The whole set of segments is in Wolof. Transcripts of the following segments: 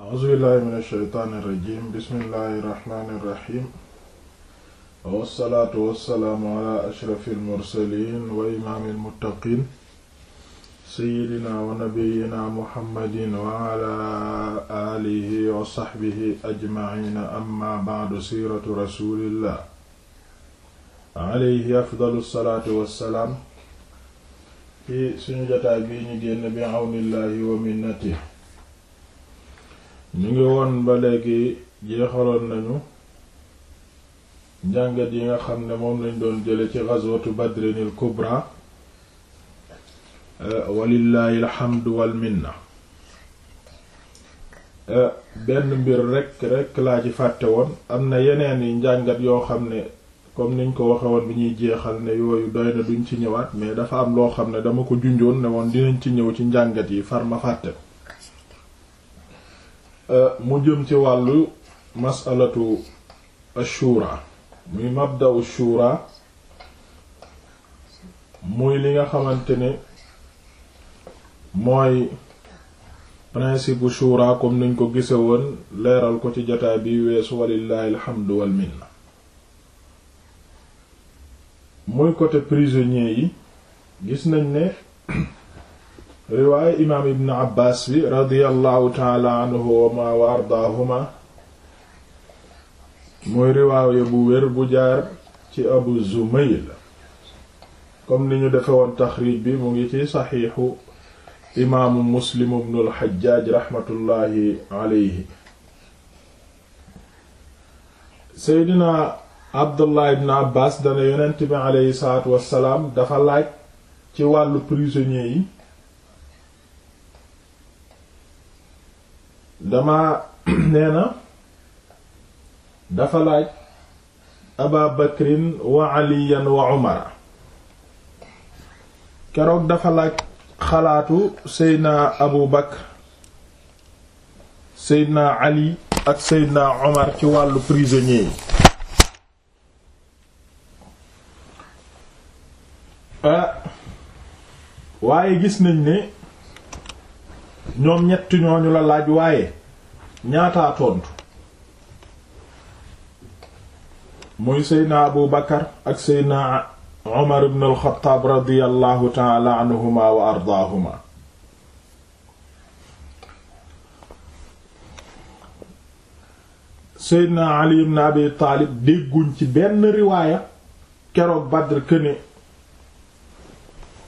axusubillahi min asheytaan irrajim bismillahi irrahmani irrahim wassalaatu wassalaamu ala ashrafi almursalin wa imaami almuttaqin seyidina wa nabiyina muhammadin wa ala alihi wa saxbihi ajmaina amma baadu siiratu rasulillah alayhi afdalu salaatu wassalaam ci suñu jotaay bii ñu génn bi awnillahi wa minnatihi ñu ngi woon ba léegi jeexaloon nañu njàngat yi nga xam ne moom lañ doon jële ci ghazwatu badrinil kubra eh, walillahi alhamdu wal minna eh, benn mbir rekk rekk laa ci fàtte woon am na yeneen yi njàngat yoo xam ne comme niñ ko waxe woon bi ñuy jeexal ne yooyu doy na duñ ci ñëwaat mais dafa am loo xam ne dama ko junjoon ne woon dinañ ci ñëw ci njàngat yi far ma fàtte Euh, mu jëm ci wàllu masalatu ashura muy mabda'u shura muy li nga xamante ne mooy principe shura comme niñ ko gise woon leeral ko ci jotaay bi weesu walillahi alhamdu wal minna muy côté prisonnier yi gis nañ ne riwaaye imaam ibn abbaas bi radiallahu taala anhuma wa ardaahuma mooy riwaaye bu wér bu jaar ci abu zumayl comme ni ñu defe woon taxriij bi mu ngi ci saxiixu imaamu muslim ibnu alxajjaaj raxmatullaahi aleyhi seydina abdullah ibn abbas dana yonent bi aleyhi salaatu wassalaam dafa laaj ci wàllu prisonnier yi dama nee na dafa laaj aba bakrin wa aliyan wa umara keroog dafa laaj xalaatu seydna abu bakr seydna ali ak seydna omar ci wàllu prisonnier yi ah, waaye gis nañ ne ñoom ñett ñooñu la laaj waaye ñaataa tontu muy seydna abu bakar ak seydna omar ibn alxataab radiallahu taala wa ardaahuma seydna ali ibn abi taalib dégguñ ci benn riwaaya keroog badr këne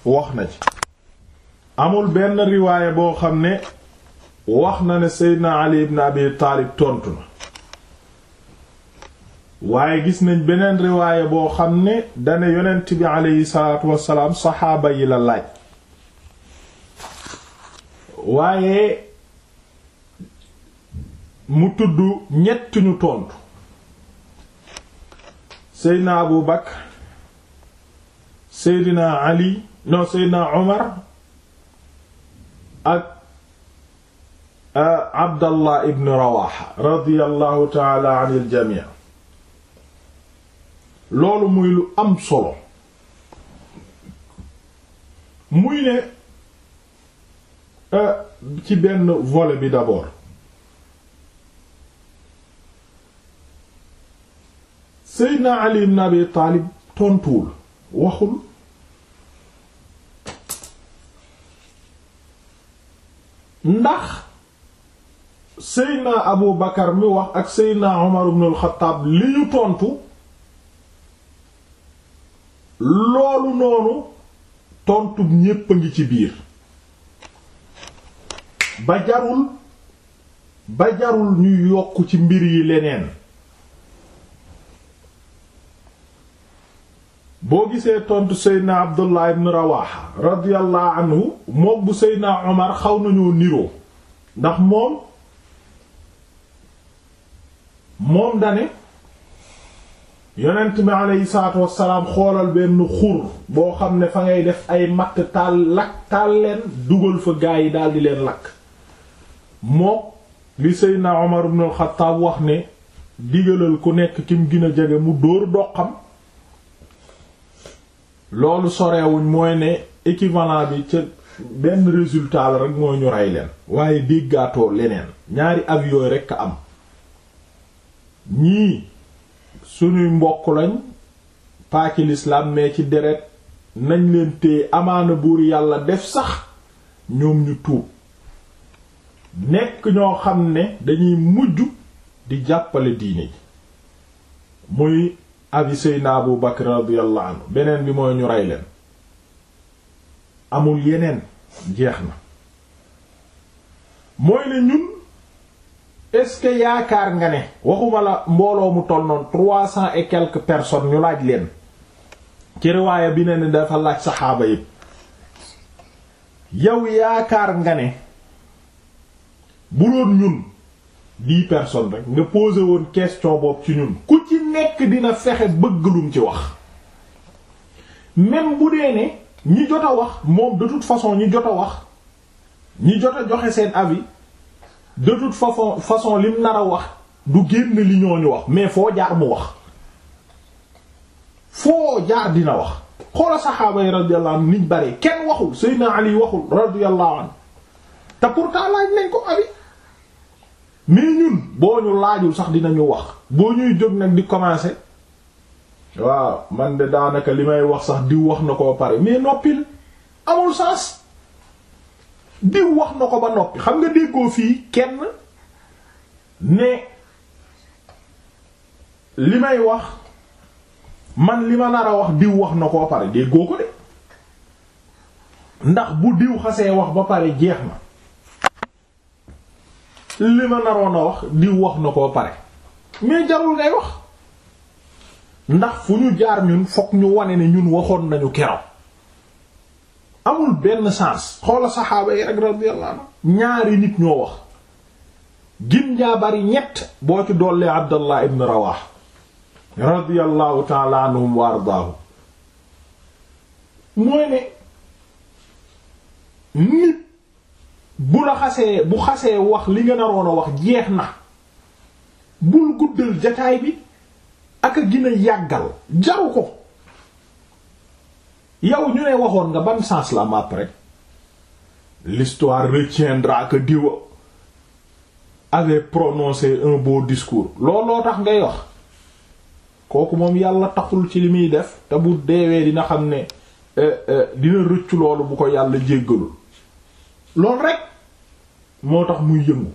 wax na ci amul benn riwaaya boo xam ne wax na ne seydna ali ibn abi taalib tontu na waaye gis nañ beneen riwaaya boo xam ne dane yonent bi aleyhi salaatu wassalaam saxaaba yi la laaj waaye mu tudd ñett ñu tontu seydna abu bakr seydna ali non seydna omar ak eh, abdallah ibn rawaxa radiyallahu taala anil jamii loolu muy lu am solo muy ne eh, ci benn volet bi d'abord seydna ali ibn abi taalib tontuwul waxul ndax seydna abu bakar mi wax ak seydna umar ibnul xataab li ñu tontu loolu noonu tontu ñépp a ngi ci biir ba jarul ba jarul ñu yokk ci mbir yi leneen boo gisee tontu seydna abdullah ibn rawaha radiyallahu anhu moom bu seydna omar xaw nañoo niroo ndax moom moom dane yonent mi aleyhi xoolal benn xur boo xam ne fa ngay def ay matt taal lakk taal leen dugal fa gaa yi daldi leen lakk mook li seydna omar ibn al-Xattaab wax ne digalal ku nekk kim gën a jege mu dóor doqam loolu sorewuñ mooy ne équivalent bi ca benn résultaa la rek moo ñu rey leen waaye déggaatoo leneen ñaari avis yooyu rekk a am ñii sunuy mbokk lañ paaki lislaam mais ci deret nañ leen téye amaana buur yàlla def sax ñoom ñu tuub nekk ñoo xam ne dañuy mujj di jàppale diine ji avis Seydina Abu Bakr radiyallahu anhu beneen bi mooy ñu rey leen amul yeneen jeex na mooy ne ñun est-ce que yaakaar nga ne waxuma la mbooloo mu toll noonu trois cent et quelques personnes ñu laaj leen ci riwaaya bi ne ne dafa laaj saxaaba yi yow yaakaar nga ne bu doon ñun dix personne rek nga posé woon question boobu ci ñun ku ci nekk dina fexe bëgg lum ci wax même bu dee ne ñi jot a wax moom de toute façon ñi jot a wax ñi jot a joxe seen avis de toute façon façon lim nar a wax du génn li ni wax mais foo jaar mu wax foo jaar dina wax xoola saxaaba yi radiyallahu anhu niñ bare kenn waxul Seydina Ali waxul radiyallahu anhu te pourtant laaj nañ ko abi mais ñun boo ñu laajul sax dinañu wax boo ñuy jóg nag di commencer waaw man de daanaka li may wax sax diw wax na ko pare mais noppil amul sens diw wax na ko ba noppi xam nga déggoo fii kenn ne li may wax man li ma nar a wax diw wax na ko pare déggoo ko de ndax bu diw xasee wax ba pare jeex na li ma naroon a wax di wax na koo pare mais jarul ngay wax ndax fu ñu jaar ñun fokk ñu wone ne ñun waxoon nañu keroog amul benn sens xoola saxaaba yi rek radiyallahu ñaari nit ñoo wax gin jaa bari ñett boo ci dollee abdallah ibn rawah radiyallahu ta'ala wa ardaahu mooy ne nit bu la xasee bu xasee wax li nga naroon a wax jeex na bul guddal jataay bi ak a gën yàggal jaru ko yow ñu ne waxoon nga ban sens la am après l'histoire retiendra que diwa avait prononcé un beau discours looloo tax ngay wax kooku moom yàlla taxul ci li muy def te bu deewee dina xam ne euh, euh, dina rëccu loolu bu ko yàlla jéggalul loolu rek moo tax muy yëngu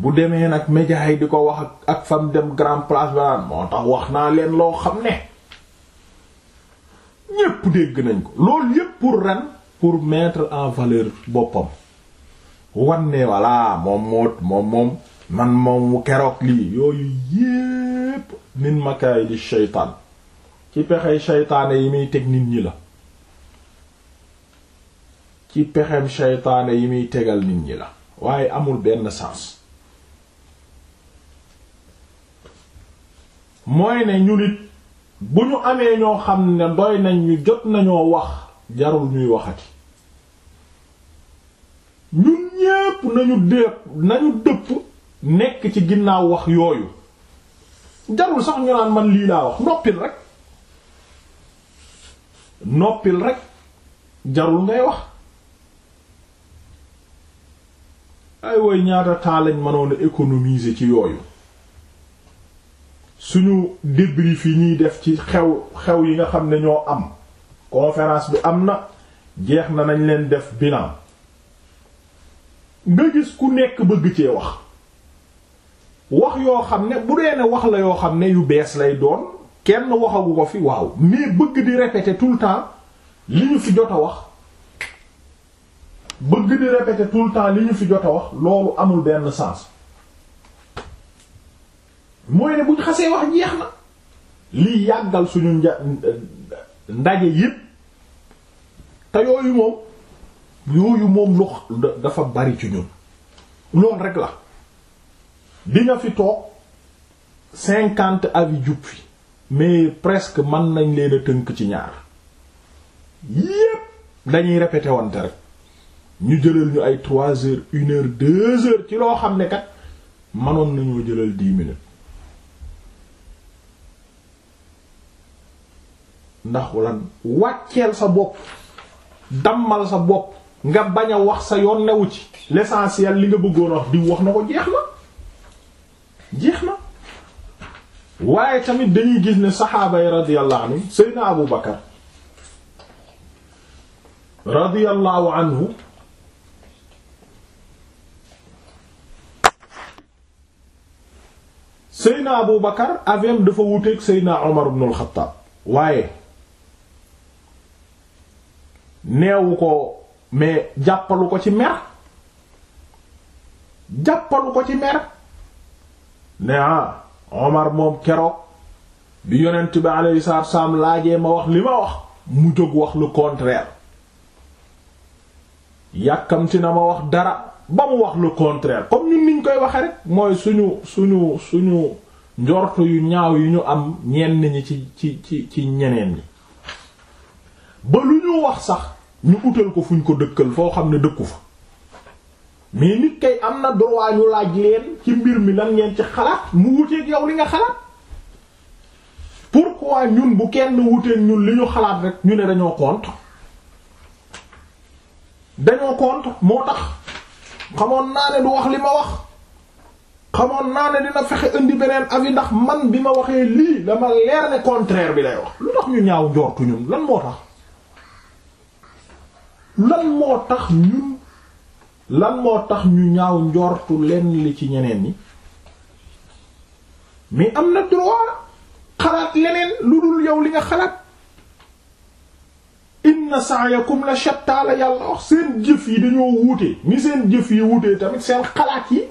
bu demee nag média yi di ko wax ak ak dem grand place ba naan moo tax wax naa leen loo xam ne ñépp dégg nañ ko loolu yépp pour ren pour mettre en valeur boppam wan ne voilà moom moot moom moom man moom keroog lii yooyu yépp min makaayidi shaytaan ci pexey shaytaane yi muy teg nit ñi la ci pexem shaytaane yi muy tegal nit ñi la waaye amul benn sance mooy ne ñu nit bu ñu amee ñoo xam ne doy nañ ñu jot nañoo wax jarul ñuy waxati ñun ñépp nañu dëpp nañu dëpp nekk ci ginnaaw wax yooyu jarul sax ñu naan man lii laa wax noppil rek noppil rek jarul ngay wax ay woy ñaata taalañ mënoon a économiser ci yooyu suñu débrief yi ñuy def ci xew xew yi nga xam ne ñoo am conférence bi am na jeex na nañ leen def bilan nga gis ku nekk bëgg cee wax wax yoo xam ne bu dee ne wax la yoo xam ne yu bees lay doon kenn waxagu ko fi waaw mais bëgg di répéter tout le temps li ñu fi jot a wax bëgg di répéter tout le temps li ñu fi jot a wax loolu amul benn sens mooy ne buñ xasee wax jeex na li yàggal suñu nja ndaje yépp te yooyu moom yooyu moom lu dafa bari ci ñun loolu rek la di nga fi toog cinquante avis jub fi mais presque man nañ leen tënk ci ñaar yépp dañuy répéter wante rek ñu jëlal ñu ay trois heures une heure deux heures ci loo xam ne kat manoon nañoo jëlal dix minutes ndax lan wàcceel sa bopp dammal sa bopp nga bañ a wax sa yoon newu ci l'essentiel li nga bëggoon wax di wax na ko jeex na jeex na waaye tamit dañuy gis ne saxaaba yi radiyallahu anhu Seydina Abu Bakar radiyallahu anhu Seyna Abu Bakar avem dafa wuteeg Seyna Omar ibn al waaye neewu ko mais jàppalu ko ci mer jàppalu ko ci mer ne ah Omar moom keroog bi yonent bi alayhi salaatu wassalaam laajee ma wax li ma wax mu jóg wax lu contraire yàkkamti na ma wax dara ba mu wax lu contraire comme ñun niñ koy waxe rek mooy suñu suñu suñu njortu yu ñaaw yu ñu am ñenn ñi ci ci ci ci ñeneen ñi ba lu ñu wax sax ñu utal ko fuñ ko dëkkal foo xam ne dëkku fa mais nit kay am na droit ñu laaj leen ci mbir mi la ngeen ci xalaat mu wuteeg yow li nga xalaat pourquoi ñun bu kenn wuteeg ñun li ñu xalaat rek ñu ne dañoo contre dañoo contre moo tax xamoon naa ne du wax li ma wax xamoon naa ne dina fexe indi beneen avis ndax man bi ma waxee lii dama leer ne contraire bi lay wax lu tax ñu ñaaw njortu ñun lan moo tax lan moo tax ñun lan moo tax ñu ñaaw njortu lenn li ci ñeneen yi mais am na droit xalaat yeneen lu dul yow li nga xalaat inna sa'yakum la shatta la yàlla wax seen jëf yi dañoo wuute ni seen jëf yi wuute tamit seen xalaat yi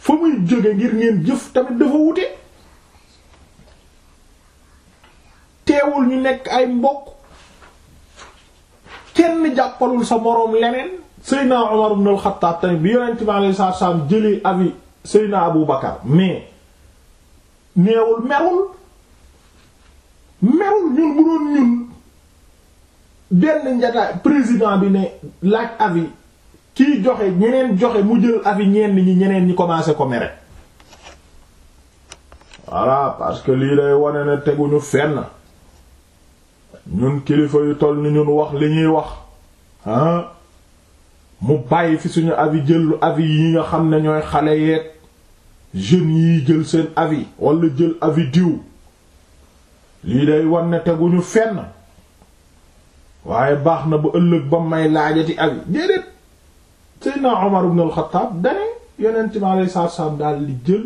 fa muy jóge ngir ngeen jëf tamit dafa wuute teewul ñu nekk ay mbokk kenn jàppalul sa moroom leneen Seydina Omar ibn al-Khattab tamit bi yonent bi alayhi salaatu salaam jëlee abi Seydina Abu Bakar mais neewul merul merul ñun bu doon ñun benn njataay président bi ne laaj avis kiy joxe ñeneen joxe mu jël avis ñenn ñi ñeneen ñi commencé ko mere voilà parce que lii lay wane ne teguñu fenn ñun kilifa yu toll ni ñun wax li ñuy wax ah mu bàyyi fi suñu avis jël avis yi nga xam ne ñooy xale yeeg jeunes yi jël seen avis wala jël avis diw lii day wan ne ñu fenn waaye baax na ba ëllëg ba may laajati abi déedéet Seydina Omar ibn al-Khattab dane yonent mi alayhi salaatu salaam daal di jël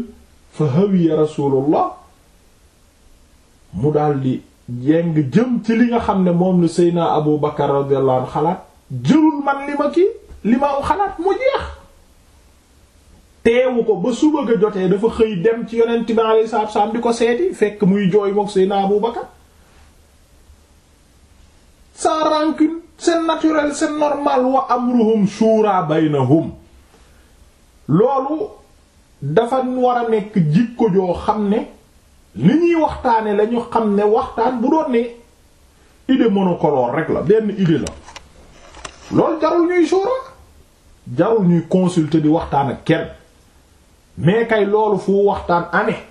fa hawiya rasulullah mu daal di jeng jëm ci li nga xam ne moom la Seydina Abu Bakar radiyallahu xalaat jërul man li ma kii li ma xalaat mu jeex teewu ko ba suba ga jotee dafa xëy dem ci yonent mi alayhi salaatu salaam bi ko seeti fekk muy jooy mook Seydina Abu Bakar seen rancune seen naturel c'est normal wa amruhum shura baynahum loolu dafa war a nekk jikko joo xam ne li ñuy waxtaane lañu xam ne waxtaan bu doon ne idée monocolore rek la benn idée la loolu jarul ñuy shura jarul ñuy consulter di waxtaan ak kenn mais kay loolu fu waxtaan amee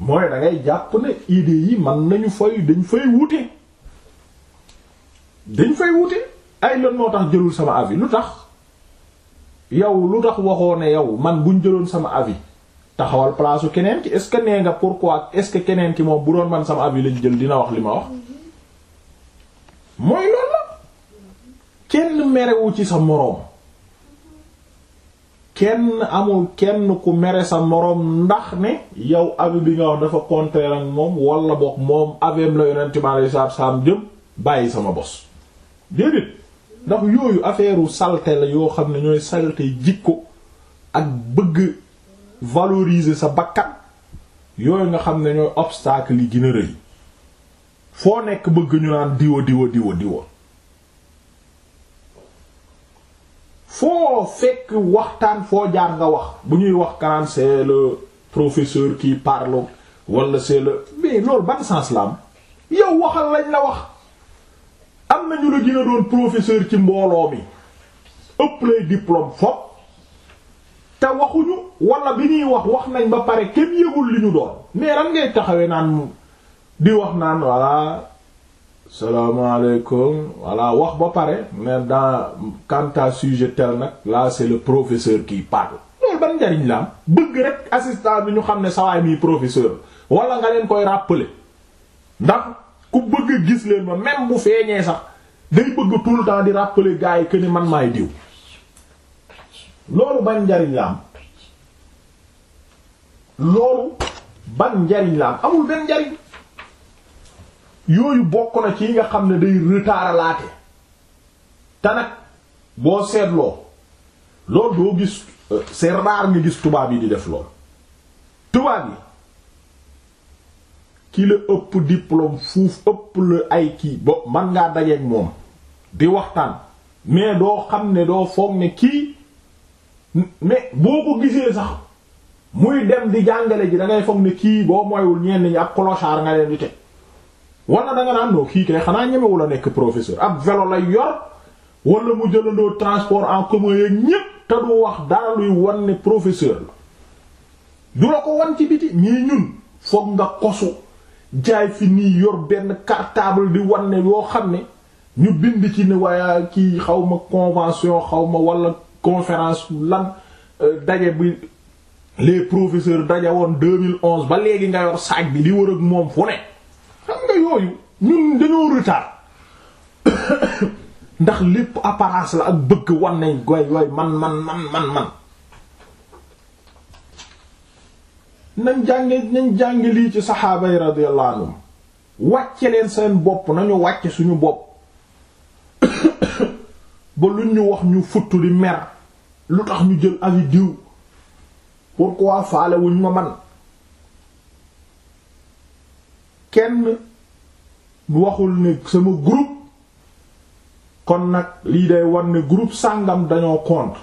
mooy da jàpp ne idée yi man nañu fay dañ fay wute dañ fay wute ay lan moo tax jëlul sama avis lu tax yow lu tax waxoo ne yow man buñ jëloon sama avis taxawal place keneen ki est-ce que nee nga pourquoi est-ce que keneen ki moom bu doon man sama avis lañ jël dina wax li ma wax mooy loolu kenn merewu ci sa moroom kenn amul kenn ku mere sa moroom ndax ne yow avis bi nga wax dafa contraire ak moom wala boog moom avem la yonent bi alei saatu salaam jëm bàyyi sama bos déedéet ndax yooyu affaire salte la yoo xam ne ñooy salte jikko ak bëgg valoriser sa bakkan yooyu nga xam ne ñooy obstacle yi gën rëy foo nekk bëgg ñu naan diwa diwa diwa diwa foo fekk waxtaan foo jaar nga wax bu ñuy wax kanaan c'est le professeur qui parle wala loolu ban sens la am yow waxal lañ la wax na ñu la gën a doon professeur ci mbooloo mi ëpp lay diplôme fop te waxuñu wala bi ñuy wax wax nañ ba pare kenn yëgul li ñu doon mais ran ngay taxawee naan di wax naan voilà salaamaaleykum voilà wax ba pare mais dans quant à sujet tel nag là c'est le professeur qui parle loolu ban njariñ la bëgg rek assistant bi ñu xam ne sawaay mi professeur wala nga leen koy rappeler ndax ku bëgg gis leen ma même bu feeñee sax day bëgg tout di rappeler gars yi ni man maay diw loolu ban njariñ la am loolu ban njariñ la am amul benn njariñ yooyu bokk na ci yi nga xam ne day retaralaate te boo seetloo lool doo gis euh, c'est rare nga gis tubaab yi di def lool tubaab yi ki la ëpp diplôme fuuf ëpp la ay kii bo man ngaa dajeeg moom di waxtaan mais doo xam ne doo foog ne kii mais boo ko gisee sax muy dem di jàngale ji da ngay foog ne kii boo moywul ñenn ñi ab clochard nga leen di teg wala da nga naan noo kii kay xanaa ñemewul a nekk professeur ab vélo lay yor wala mu jëlandoo transport en commun yeeg ñépp te du wax dara luy wan ne professeur la du la ko wan ci biti ñii ñun foog nga kosu jaay fi nii yor benn kartaabal di wan ne yoo xam ne ñu bind ci ne waaye kii xaw ma convention xaw ma wala conférence lan euh, daje bi les professeurs daje woon 2011 ba léegi nga yor saag bi li wër ak moom fu ne. xam nga yooyu ñun dañoo retard ndax lépp apparence la ak bëgg wan nañ goy goy man man man man man. nañ jànge nañ jànge lii ci saxaaba yi wàcce leen seen bopp nañu wàcce suñu bopp. ba lu ñu wax ñu futt di mer lu tax ñu jël avis diw pourquoi faale wuñ ma man kenn waxul ni sama groupe kon nag lii day war ne groupe sàngam dañoo contre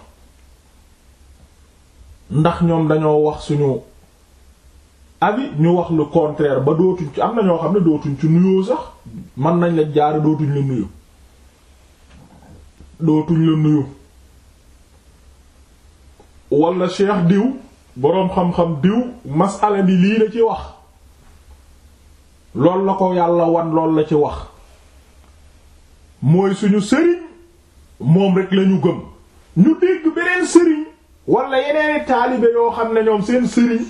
ndax ñoom dañoo wax suñu avis ñu wax le contraire ba dootuñ ci am na ñoo xam ne dootuñ ci nuyoo sax mën nañ la jaar dootuñ la nuyu dootuñ la nuyu wala cheikh diw boroom xam-xam diw masala bi lii la ci wax loolu la ko yàlla wan lool la ci wax mooy suñu sëriñ moom rek lañu gëm ñu dégg beneen sëriñ wala yeneeni taalibe yoo xam ne ñoom seen sëriñ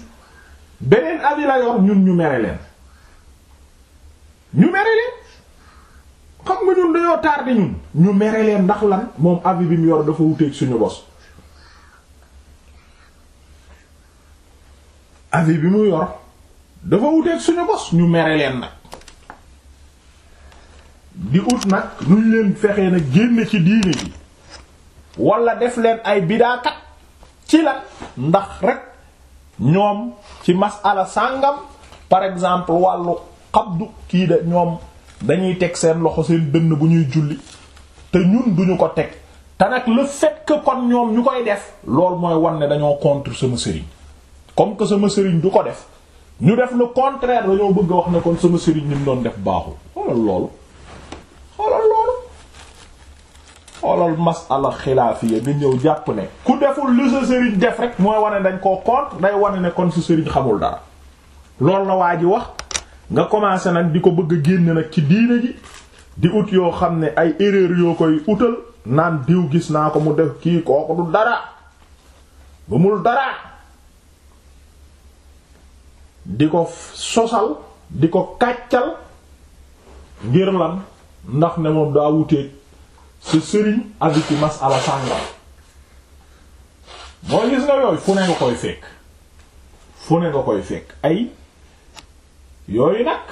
beneen abi yor ñun ñu mere leen ñu mere leen xam nga ñun dañoo tardé ñun ñu mere leen ndax lan moom avis bi mu yor dafa wuteeg suñu bos avis bi mu yor dafa suñu bos ñu mere leen nag di ut nag nuñ leen fexee na génn ci diine ji wala def leen ay bidaakat ci la ndax rek ñoom ci masala sàngam par exemple wàllu xabdu kii de ñoom dañuy teg seen loxo seen dënn bu ñuy julli te ñun duñu ko teg te nag le fait kon ñoom ñu koy def loolu mooy wan ne dañoo contre sama sëriñ comme que sama sëriñ du ko def ñu def le contraire dañoo bëgg a wax ne kon sama sëriñ ni mu doon def baaxul xoolal loolu xoolal loolu xoolal masala xilaafiya nga ñëw jàpp ne ku deful lu sa sëriñ def rek mooy wane dañ koo contre day wane ne kon sa sëriñ xamul dara loolu na waa ji wax nga commencé nag di ko bëgg a génn nag ci diine ji di ut yoo xam ne ay erreur yoo koy utal naan diw gis naa ko mu def kii kooku du dara ba mul dara di ko sosal di ko kàccal ngir lan ndax ne moom daa wuteeg sa sëriñ abi ci masala sàngal mooy gis nga yooyu fu ne nga koy fekk fu ne nga koy fekk ay yooyu nag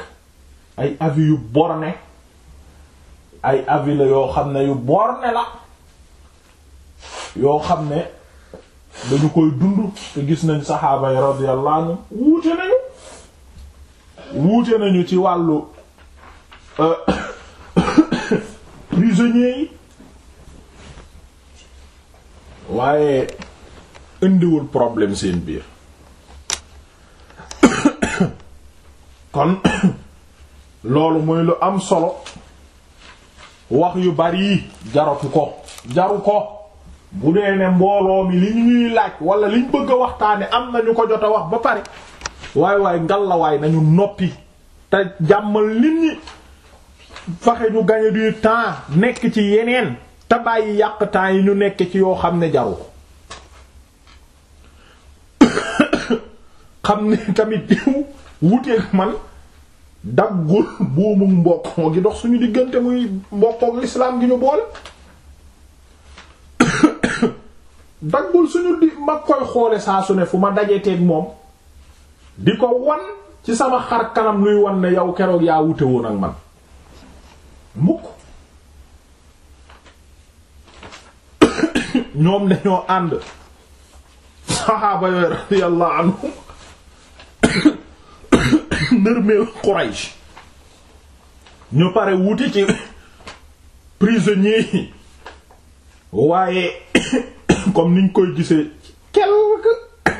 ay avis yu borné ay avis la yoo xam ne yu borné la yoo xam ne dañu koy dund te gis nañ saxaaba yi radiyallahu anhu nañu wuute nañu ci wàllu euh, prisonniers yi waaye indiwul problème seen biir kon loolu muy lu am solo wax yu bari yi jaratu ko jaru ko bu dee ne mbooloo mi li ñuy laaj wala liñ bëgg a waxtaane am na ñu ko jot a wax ba pare waay waay ngallawaay nañu noppi te jàmmal nit ñi faxe ñu gagner du temps nekk ci yeneen te bàyyi yàq temps yi ñu nekk ci yoo xam ne jaru ko xam ne tamit diw wuteeg man daggul buumum mbokkoo gi dox suñu diggante muy mbokkook lislaam gi ñu boole daggul suñu di koy xoole saa su ne fu ma dajeteeg moom di ko wan ci sama xar kanam luy wan ne yow keroog yaa wute woon ak man mukk ñoom dañoo ànd saxaaba yooyu radiyallahu anhum nërmeel Quraysh ñu pare wuti ci prisonniers yi waaye comme niñ koy gisee quelque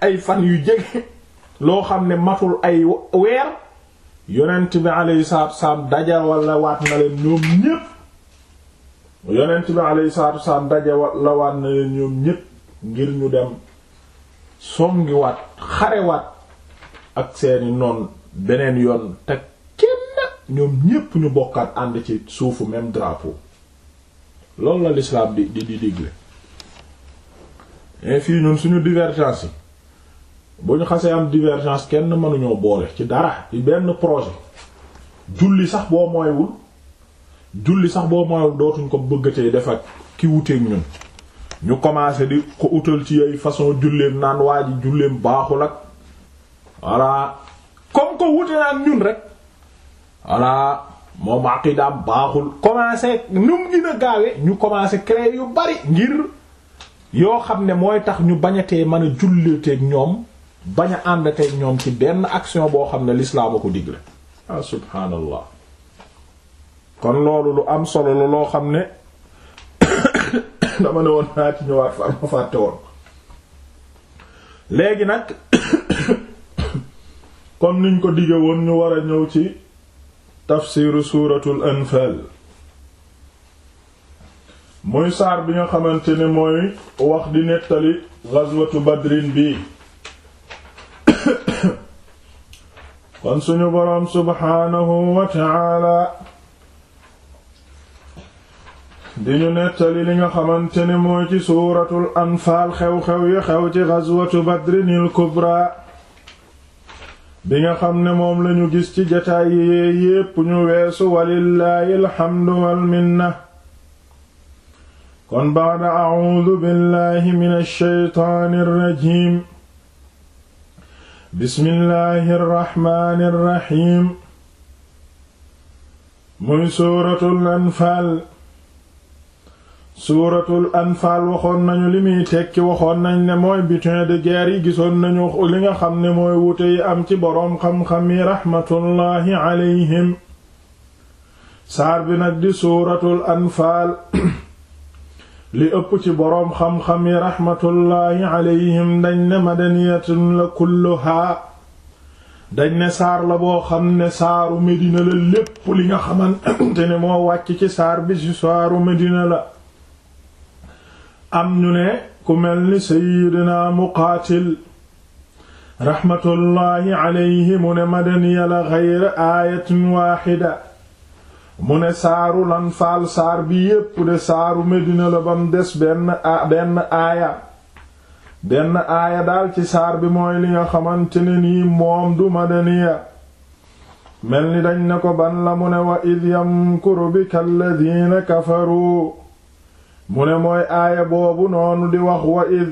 ay fan yu jege loo xam ne matul ay weer yonent bi alayhi salaatu wasalaam dajawal la waat na leen ñoom ñépp yonent bi alayhi salaatu wasalaam dajawal la waat na leen ñoom ñépp ngir ñu dem songiwaat xarewaat ak seeni noon beneen yoon te kenn ñoom ñépp ñu bokkaat ànd ci suufu même drapeau loolu la l'islam di di digle mais fii ñun suñu divergence yi bu ñu xasee am divergence kenn mënuñoo boole ci dara ci benn projet julli sax boo mooywul julli sax boo mooywul dootuñ ko bëggatee def ak ki wuteeg ñun ñu commencé di ko utal ci yooyu façon julleem naan waa ji julleem baaxul ak voilà comme que wute naa ñun rek voilà moom aqidaam baaxul commencé nu mu gën ñu commencé créer yu bari ngir yoo xam ne mooy tax ñu bañatee mën a julliteeg ñoom bañ a àndateeg ñoom ci benn action boo xam ne l'islam a ko digle ah, kon loolu lu am solo la loo xam ne dama ne woon naa ci ñëwaat fa ma fàtte woon léegi nag kon niñ ko dige woon ñu war a ñëw ci tafsiru suuratul anfaal muy saar bi nga xamante ni mooy wax di nettali ghazwatu badrin bi kon suñu boroom subhaanahu wa ta'ala di ñu nettali li nga xamante ne mooy ci suuratul anfaal xew-xew yi xew ci ghazwatu badrinil kubra bi nga xam ne moom lañu gis ci jataay yi yépp ñu weesu walillaahi alxamdu wal minna kon ba'da a'uudu billaahi minash shaytaanir rajiim bismillaahir raxmaanir raxiim muy suuratul anfaal suuratul anfaal waxoon nañu li muy tekki waxoon nañ ne mooy butin de guerre yi gisoon nañu li nga xam ne mooy wuute yi am ci boroom xam-xam yi raxmatullaahi alayhim saar bi nag di suuratul anfaal li ëpp ci boroom xam-xam yi raxmatullaahi alayhim dañ ne madaniyatun la kulluhaa dañ ne saar la boo xam ne saaru medina la lépp li nga xamante ne moo wàcc ci saar bi ci saaru medina la am ñu ne ku mel ni seyyidina muqaatil raxmatullaahi alayhi mu ne madaniya la xayra aayatin waaxida mu ne saaru lan faal saar bi yépp de saaru medina la bam des benn benn aaya daal ci saar bi mooy li nga xamante ne nii moom du madaniya mel ni dañ ne ko ban la mu ne wa id yamkuru bika alladina kafaru mu ne mooy aaya boobu noonu di wax wa id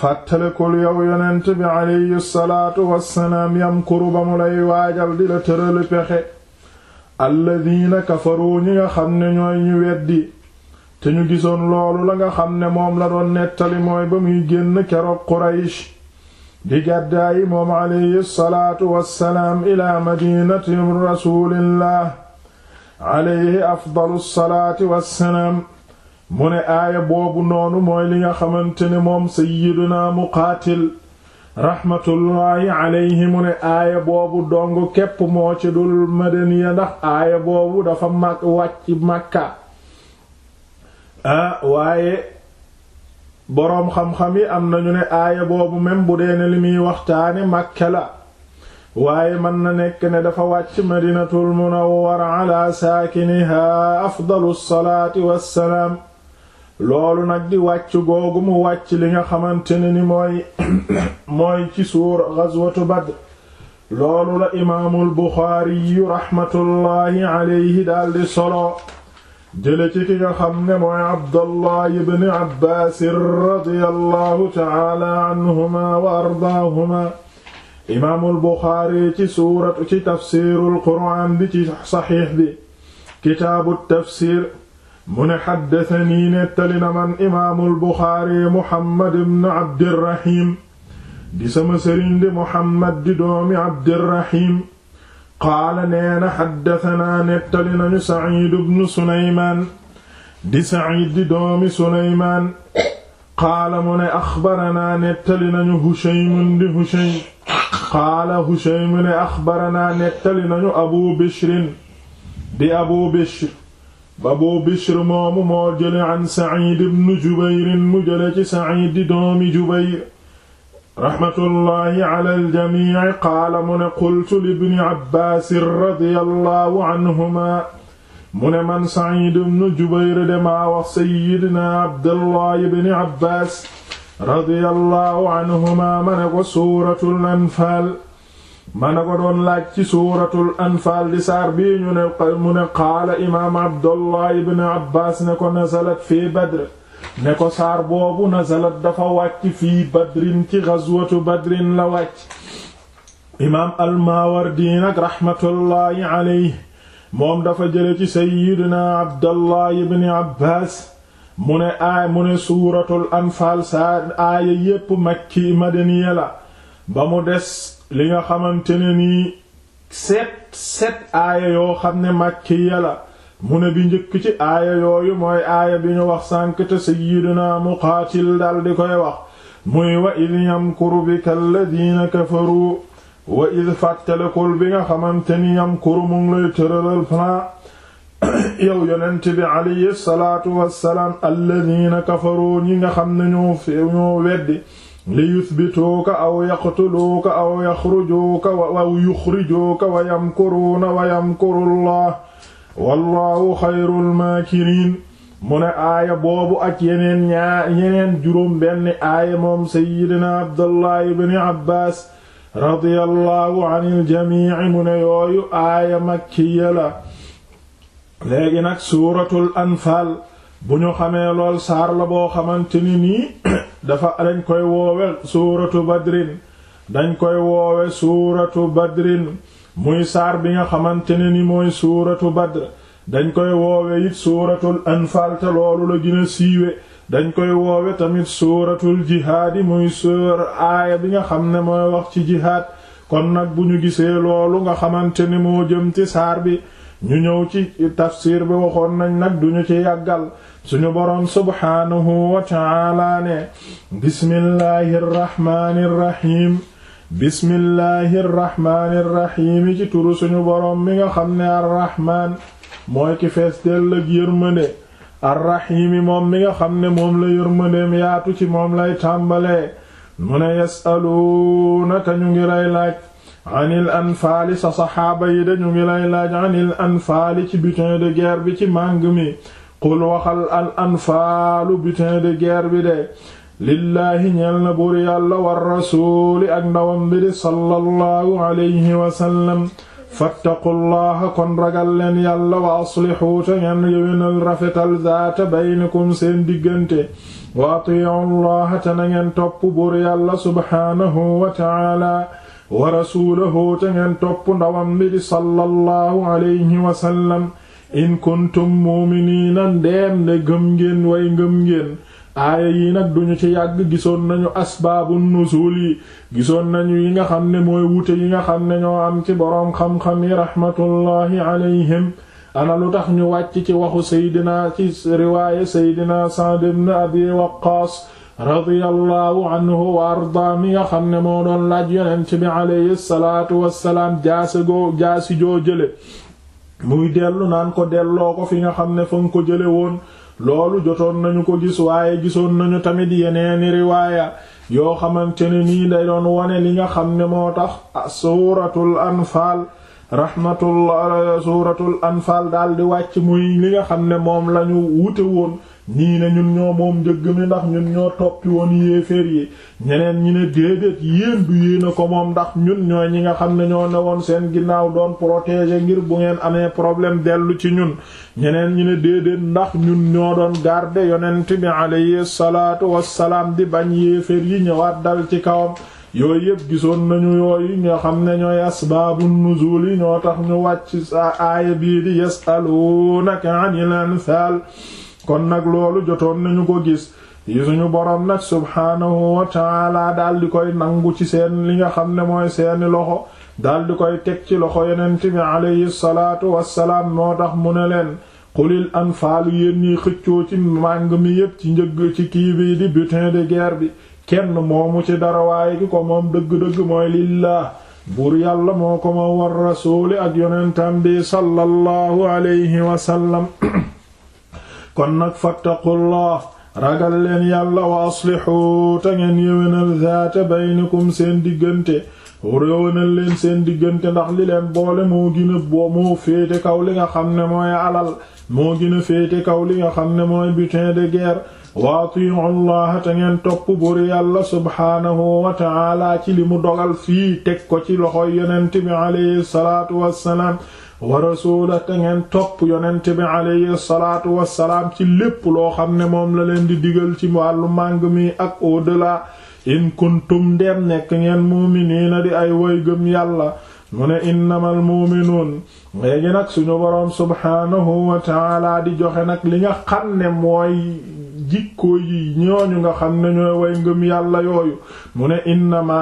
fàttalikul yow yonent bi aleyhi salaatu wassalaam yamkuru ba mu lay waajal di la tëralu pexe alladiina kafaru ñi nga xam ne ñooy ñu weddi te ñu gisoon loolu la nga xam ne moom la doon nettali mooy ba muy génn keroog quraysh di gàddaayi moom aleyhi salaatu wassalaam ilaa madinati rasuulillah aleyhi afdalu salaati wassalaam mu ne boobu noonu mooy li nga xamante ne moom sayyiduna muqaatil raxmatullaahi alayhi mu ne aaya boobu dong képp moo ci dul madaniya ndax aaya boobu dafa màg wàcc màkka ah waaye boroom xam-xam yi am nañu ne aaya boobu même bu dee ne li muy waxtaane màkka la waaye mën na nekk ne dafa wàcc madinatul munawwara ala saakiniha afdalu salaati wassalaam loolu nag di wàcc googu mu wàcc li nga xamante ne ni ci suur ghazwatu Badr loolu la imaamul Buxaari yu raxmatullaahi alayhi daldi solo jële ci ki nga xam ne mooy Abdallah Abbaas radiyallahu ta'ala anhuma wa ardaahuma imaamul Buxaari ci suurat ci tafsiirul Qur'aan bi ci saxiix bi kitaabu tafsiir mu ne xaddasanii nettali na man imaamul buxaari muhammad ibn abdirahim di sama sëriñ di muhammad di doomi abdirahim qaala neena xaddatanaa nettali nañu saciid bnu suleymaan di saciid di doomi suleymaan qaala mu ne axbaranaa nettali nañu hushaymun di hushaym qaala hushaym ne axbaranaa nettali nañu abu bishrin di abu bishr babu Bishr moomu moo jële an Saciid ibnu Jubayr mu jële ci Saciid di doomi Jubayr raxmatullaahi ala aljamici qaala mu ne qultu libni Abbaasin radiyallaahu anhumaa mu ne man Saciid ibnu Jubayr damaa wax sayyidinaa Abdullaahi ibni Abbaas radiyallaahu anhumaa ma ne ko suuratul Anfaal ma na ko doon laaj ci suuratul anfaal di saar bii ñu ne mu ne imaam abdullah ibn abbaas ne ko nazalat fii badr ne ko saar boobu nazalat dafa wàcc fii badrin ci ghazwatu badrin la wàcc imaam almaawardi nag raxmatullaahi moom dafa jële ci sayyidina abdullah ibn abbaas mu ne aay mu ne suuratul anfaal saar aaya yépp makki madaniya ba mu des li nga xamante ne nii sept sept aaya yoo xam ne màkkiya la mu ne bi njëkk ci aaya yooyu mooy aaya bi ñu wax sànk te sayyidina muqaatil dal di koy wax muy wa id yamkuru bika alladina kafaru wa id fàttalekul bi nga xamante ni yamkuru mu ngi lay tëralal plan yow yonent bi alayhi salaatu wassalaam alladina kafaru ñi nga xam ne ñoo fi weddi li yuthbituuka aw yaqtuluuka aw yaxrujuuka aw yuxrijuuka wa yamkuruuna wa yamkurullah wallaahu xayrul maakiriin mu ne aaya boobu ak yeneen ñaar yeneen juróom benn aaya moom seyyidina abdullah ibn abbaas radiyallahu anil jamiici mu ne yooyu aaya makkiya la léegi nag suuratul anfaal bu ñu xamee lool saar la boo xamante ni nii dafa dañ koy woowe suuratu badrin dañ koy woowe suuratu badrin muy saar bi nga xamante ne ni mooy suuratu badr dañ koy woowe it suuratul anfaal te loolu la gën siiwe dañ koy woowe tamit suuratul jihaadi muy suur aaya bi nga xam ne mooy wax ci jihaad kon nag bu ñu gisee loolu nga xamante ni moo jëm ci saar bi ñu ñëw ci tafsir bi waxoon nañ nag duñu ci yàggal suñu boroom subhaanahu wa ta'ala ne bismillaahir rahmaanir rahiim ci turu suñu boroom mi nga xam ne arrahmaan mooy ki fees dell ak moom mi nga xam ne moom la yërmandeem yaatu ci moom lay tàmbalee mu ne yasaluunaka ñu ngi lay laaj anil anfaali sa saxaaba yi dañu ngi lay laaj anil anfaali ci butin de guerre bi ci màng mi qul waxal al anfaalu butin de guerre bi de lillaahi ñeel na buur yàlla war rasuuli ak ndawam bi di sallallahu alayhi wasallam fattaqullaha kon ragal leen yàlla wa aslihuu te ngeen yéwénal rafetal zaata baynikum seen diggante wa atiicu llaha te na ngeen topp buur yàlla subhaanahu wa tacaala wa rasuulahu te ngeen topp ndawam bi di sallallahu alayhi wasallam in kuntum mu'minina ndeem ne gëm ngeen way ngëm ngeen aaya yi nag duñu ci yàgg gisoon nañu asbaabu nuzuul yi gisoon nañu yi nga xam ne mooy wute yi nga xam ne ñoo am ci boroom xam-xam yi raxmatullaahi alayhim ana lu tax ñu wàcc ci waxu seydinaa ci riwaaya seydinaa Sa'd ibn Abi Waqqaas radiyallahu anhu wa ardaa mi nga xam ne moo doon laaj yonent bi alayhi salaatu wassalaam jaasi goo jaasi joo jële muy dellu naan ko delloo ko fi nga xam ne fa nga ko jële woon loolu jotoon nañu ko gis waaye gisoon nañu tamit yeneeni riwaaya yoo xamante ne nii day doon wone li nga xam ne moo tax suuratul anfaal rahmatullah suuratul anfaal daal di wàcc muy li nga xam ne moom lañu wute woon ñii ne ñun ñoo moom njëgg mi ndax ñun ñoo toppi woon yéeféer yi ñeneen ñi ne déedéet yéen du yéen ko moom ndax ñun ñooy ñi nga xam ne ñoo woon seen ginnaaw doon protéger ngir bu ngeen amee problème dellu ci ñun ñeneen ñu ne déedéet ndax ñun ñoo doon garder yonent bi alayhi salaatu wassalaam di bañ yéeféer yi ñëwaat dal ci kawam yooyu yëpp gisoon nañu yooyu nga xam ne ñooy asbaabun nuzuul yi ñoo tax ñu wàcc sa aaya bii di yasaluunaka anil anfaal kon nag loolu jotoon nañu ko gis yi suñu boroom nag subhaanahu wa taala daal di koy nangu ci seen li nga xam ne mooy seeni loxo daal koy teg ci loxo yonent bi alayhi salaatu salaam moo tax mu ne leen xulil anfaalu yéen ñiy xëccoo ci màng mi yépp ci njëg ci kii bi di butin de guerre bi kenn moomu ci dara waaye ki ko moom dëgg-dëgg mooy lillah buur yàlla moo ko moom war rasuuli ak yonentam bi sallallahu alayhi wa sallam kon nag fattaqullah ragal leen yàlla wa aslihu ta ngeen yéwénal zaata baynikum seen diggante réwénal leen seen diggante ndax li leen boole moo gën a boo kaw li nga xam ne mooy alal moo gën a féete kaw li nga xam ne mooy butin de guerre wa atiu llaha te ngeen topp buri yàlla subhaanahu wa taala ci li mu dogal fii teg ko ci loxoy yonent bi alayhi salaatu wassalaam wa rasuula te ngeen topp yonent bi alayhi salaatu wassalaam ci lépp loo xam ne moom la leen di digal ci wàllu màng mi ak au-delà in kuntum dem nekk ngeen muuminiina di ay woy gëm yàlla mu ne innamal muuminuun léegi nag suñu boroom subhaanahu wa di joxe nag li nga xam ne mooy jikko yi ñooñu nga xam ne ñooy woy ngëm yàlla yooyu mu ne innama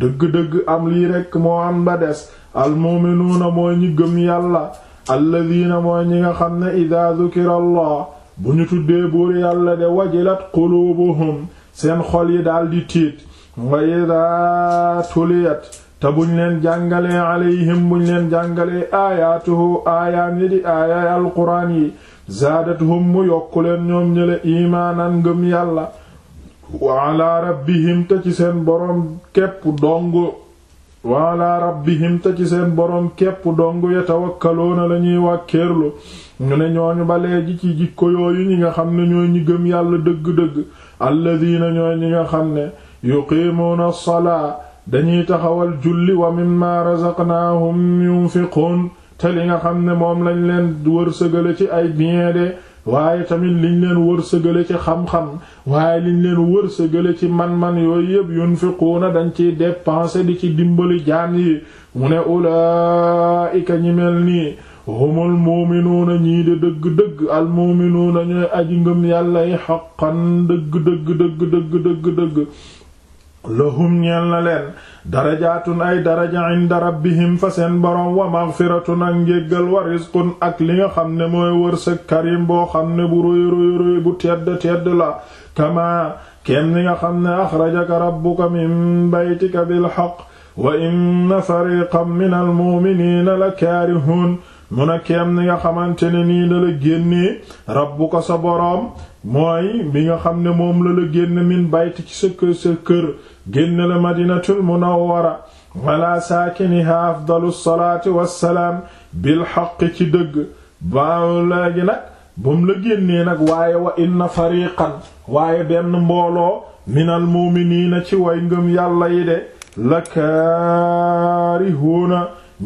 dëgg-dëgg am lii rekk moo am ba des almuminuuna mooy ñi gëm yàlla alladiina mooy ñi nga xam ne idaa dukira allah bu ñu tuddee buur yàlla de wajilat quluubuhum seen xol yi daldi tiit wa idaa tuliyat te buñ leen jàngalee alayhim buñ leen jàngalee aayaatuhu aayaam yi di aayaay alquraan yi zaadathum mu yokku leen ñoom ñële iimaanan ngëm yàlla wa ala rabbihim te ci seen boroom képp dong wa ala rabbihim te ci seen boroom képp dong yatawakkaloona lañuy wàkkeerlu ñu ne ñooñu ba léegi ci jikko yooyu ñi nga xam ne ñooy ñi gëm yàlla dëgg-dëgg alladina ñooy ñi nga xam ne yuqiimuuna salaa dañuy taxawal julli wa mimma razaqnaahum yunfiquun te li nga xam ne moom lañ leen wërsëgale ci ay bien waaye tamit liñ leen wërsëgale ci xam-xam waaye liñ leen wërsëgale ci man-man yooyu yëpp yunfiquuna dañ ciy dépenser di ci dimbali jaam yi mu ne ulaa'ika ñi mel nii humul muuminuuna ñii de dëgg-dëgg al muuminuuna ñooy aji ngëm yàlla yi xaqan dëgg dëgg dëgg dëgg dëgg dëgg la lahum ñeel na leen darajaatun ay daraja inda rabbihim fa seen boroom wa maghfiratun ak njéggal wa rizqun ak li nga xam ne mooy wërsëg karim boo xam ne bu róy róy róy bu tedd tedd la kama kenn li nga xam ne axrajaka rabbuka min baytika bil haqq wa inna fariqan minal mu'minina la kaarihuun mun a kenn li nga xamante ne nii da la génnee rabbuka sa boroom mooy bi nga xam ne moom la la génn min bayti ci sa kër sa kër génn la madinatul munawwara ala saakiniha afdalu salaati wassalaam bil xaq ci dëgg baaw laaji nag bam la génnee nag waaye wa inna fariqan waaye benn mbooloo minal mu'miniina ci way ngëm yàlla yi de la kaarihuuna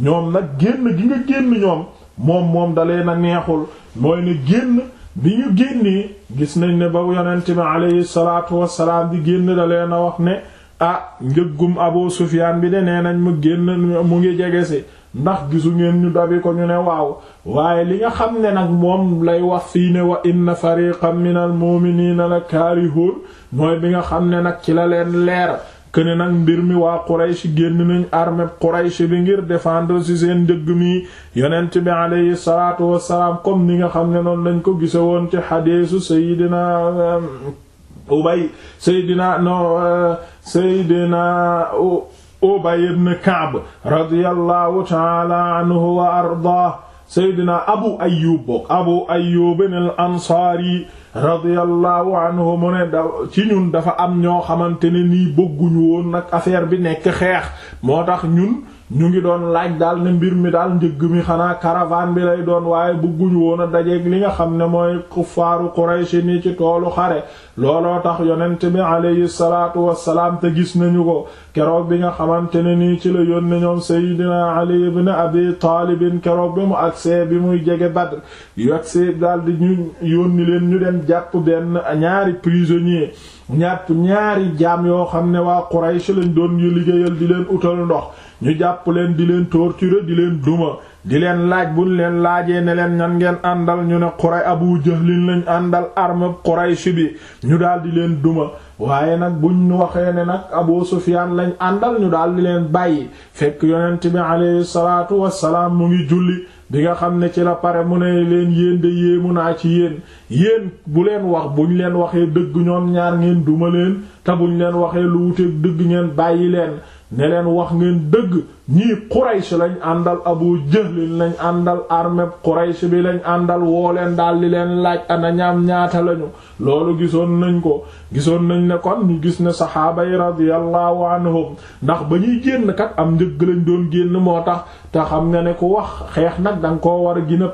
ñoom nag génn gi nga génn ñoom moom moom dalee neexul mooy ne génn bi ñu génnee gis nañ ne ba yonent bi aleyhi salaatu wassalaam di génn da leen a wax ne ah njëggum Abu Sufyaan bi de nee nañ mu génn mu ngi jege si ndax gisu ngeen ñu dabi ko ñu ne waaw waaye li nga xam ne nag moom lay wax fii ne wa inna fariqan minal mu'minina la kaarihuun mooy bi nga xam ne nag ci la leen leer këne nag mbir mi waa Quraysh génn nañ armée Quraysh bi ngir défendre ci seen njëgg mi yonent bi aleyhi salaatu wassalaam comme ni nga xam ne noonu lañ ko gise woon ci xadiisu Seydina euh, Ubay Seydina no euh, Seydina Ubay ibn Ka'b radiyallahu ta'ala anhu wa ardaa Seydina Abu Ayyub bokk Abu Ayyub al-Ansaari radiyallahu anhu mu ne da ci ñun dafa am ñoo xamante ne nii bëgguñu woon nag affaire bi nekk xeex moo tax ñun ñu ngi doon laaj daal ne mbir mi daal njëgg mi xanaa caravane bi lay doon waaye bëgguñu woon a li nga xam ne mooy kuffaaru Quraysh ni ci toolu xare looloo tax yonent bi alayhi salaatu wassalaam te gis nañu ko keroog bi nga xamante ne nii ci la yónne ñoom Seydina Ali ibn Abi Taalib keroog bi mu agsee bi muy jege Badr yu agsee daal di ñu yónni leen ñu dem jàpp benn ñaari prisonnier ñàpp ñaari jaam yoo xam ne waa Quraysh lañ doon yu liggéeyal di leen utal ndox ñu jàpp leen di leen torturer di leen duma di leen laaj buñ leen laajee ne leen ñan ngeen àndal ñu ne Quraysh Abu Jahlin lañ àndal arme Quraysh bi ñu daal di leen duma waaye nag buñ waxee ne nag Abu Sufyaan lañ àndal ñu daal di leen bàyyi fekk yonent bi alayhi salaatu wassalaam mu ngi julli bi nga xam ne ci la pare mu ne leen yéen de yéemu naa ci yéen yéen bu leen wax buñ leen waxee dëgg ñoom ñaar ngeen duma leen te buñ leen waxee lu wuteeg dëgg ngeen bàyyi leen ne leen wax ngeen dëgg ñii Quraysh lañ àndal Abu Jahl lañ àndal armée Quraysh bi lañ àndal woo leen daal di leen laaj ana ñaam ñaata lañu loolu gisoon nañ ko gisoon nañ ne kon ñu gis ne saxaaba yi radiyallahu anhum ndax ba ñuy génnkat am njëgg lañ doon génn moo tax te xam nga ne ku wax xeex nag danga koo war a gën a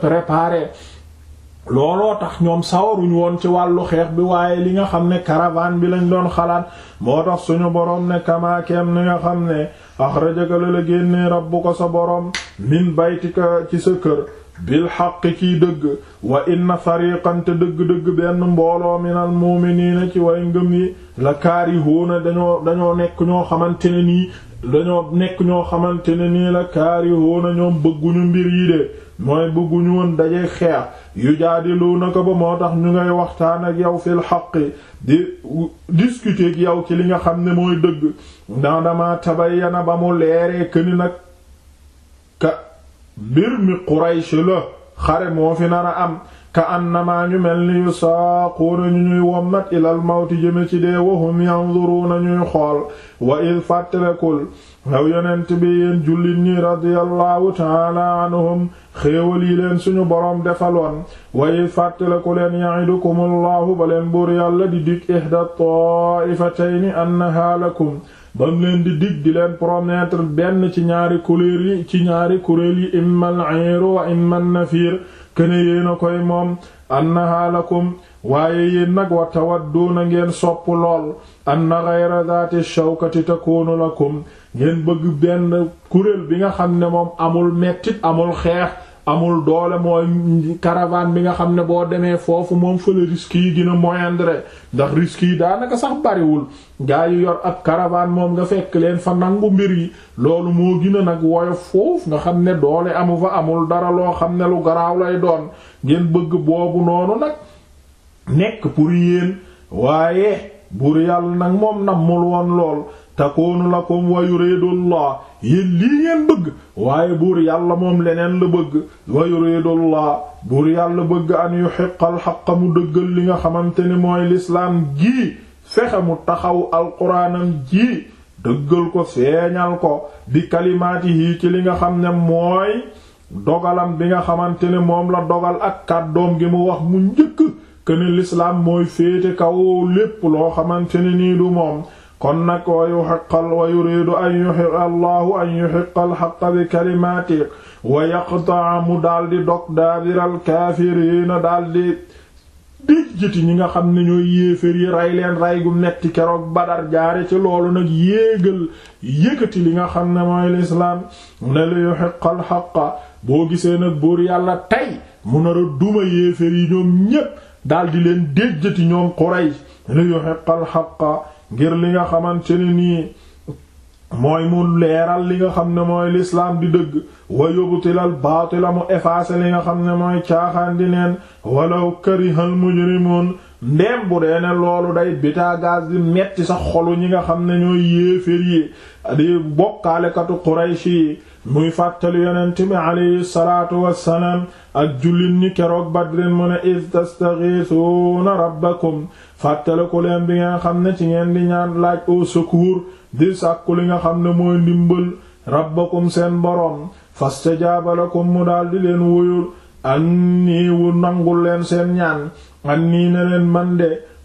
looloo tax ñoom sawaruñ woon ci wàllu xeex bi waaye li nga xam ne caravane bi lañ doon xalaat moo tax suñu boroom ne kamaakeem ni nga xam ne axrajaka la la génnee ko sa boroom min baytika ci sa kër bil xaq ciy dëgg wa inna fariqan te dëgg-dëgg benn mbooloo minal mu'miniina ci way ngëm yi la kaarihuuna dañoo dañoo nekk ñoo xamante ne nii dañoo nekk ñoo xamante ne nii la kaarihuuna ñoom bëgguñu mbir yi de mooy bëgguñu woon daje xeex yu na ko ba moo tax ñu ngay waxtaan ak yow fil xaqi di discuter yow ci li nga xam ne mooy dëgg daadama tabayyana ba mu leeree këni nag ka mbir mi Quraysh la xare moo fi nar am ka annamaa ñu mel ni yu saaquuna ñu ñuy wommat ilal mawti jëme ci dee wahum yanzuruuna ñuy xool wa id fàttarekul yow yonent bi yéen jullit ñi radiyallahu taala anhum xéewal leen suñu boroom defaloon wa id fàttaleku leen ya'idukumullahu ba leen buur yàlla di dig ihda ta'ifatayni annaha lakum bam leen di dig di leen promettre benn ci ñaari kuréel yi ci ñaari kuréel yi ayru wa immal nafiir këne yéen koy moom annahaa lakum waaye yéen nag wa na ngeen sopp lool anna ghayra zaati shawkati takuunu kom ngeen bëgg benn kuréel bi nga xam ne moom amul mettit amul xeex amul doole mooy caravane bi nga xam ne boo demee foofu moom fële risques yi dina moindre ndax risques yi daanaka sax bariwul gaa yi yor ak caravane moom nga fekk leen fa nangu mbir yi loolu moo gën nag woyof foofu nga xam ne doole amu fa amul dara loo xam ne lu garaaw lay doon ngeen bëgg boobu noonu nag nekk pour yéen waaye buur yàlla nag moom nammul woon lool takoonu lakum wa yuridullah yéen lii ngeen bëgg waaye buur yàlla moom leneen la bëgg wa yuridullah buur yàlla bëgg an yuhiqqal haqqa mu dëggal li nga xamante ni mooy lislaam gii fexe mu taxaw alquraanam ji dëggal ko feeñal ko bi kalimaatihi ci li nga xam ne mooy dogalam bi nga xamante ne moom la dogal ak kàddoom gi mu wax mu njëkk këni lislaam mooy féete kaw lépp loo xamante ni nii du moom kon nag wa yuhiqqal wa yuridu an yuhiqqa Allahu an yuhiqqal haqqa bi kalimaatihi wa yaqta'a mu daal dog daabiral kaafiriina daal di ñi nga xam ne ñooy yéefér yi rey leen rey gu metti keroog Badar jaare ci loolu nag yéegal yëkkati li nga xam ne mooy lislaam ne li yuhiqqal haqqa boo gisee nag buur yàlla tey mu nar a duma yéefér yi ñoom ñépp daal leen déjjati ñoom Quraysh li yuhiqqal haqqa ngir li nga xamante ne nii mooy mu leeral li nga xam ne mooy lislaam di dëgg wa yubtilal baatila mu li nga xam ne mooy caaxaan di neen walaw karihal mujrimun ndéem bu dee ne loolu day bitaagaas di metti sa xolu ñi nga xam ne ñooy yéefér yi di bokkaalekatu Quraysh yi muy fàttali yonent bi alayhi salaatu wassalaam ak jullit ñi keroog Badrin mu ne iz tastaghithuna rabbakum fàttale ko leen bi ngeen xam ne ci ngeen di ñaan laaj au secours di sàkku li nga xam ne mooy ndimbal rabbakum seen boroom jaabale lakum mu daal di leen wuyul an nii wu nangul leen seen ñaan an ne leen man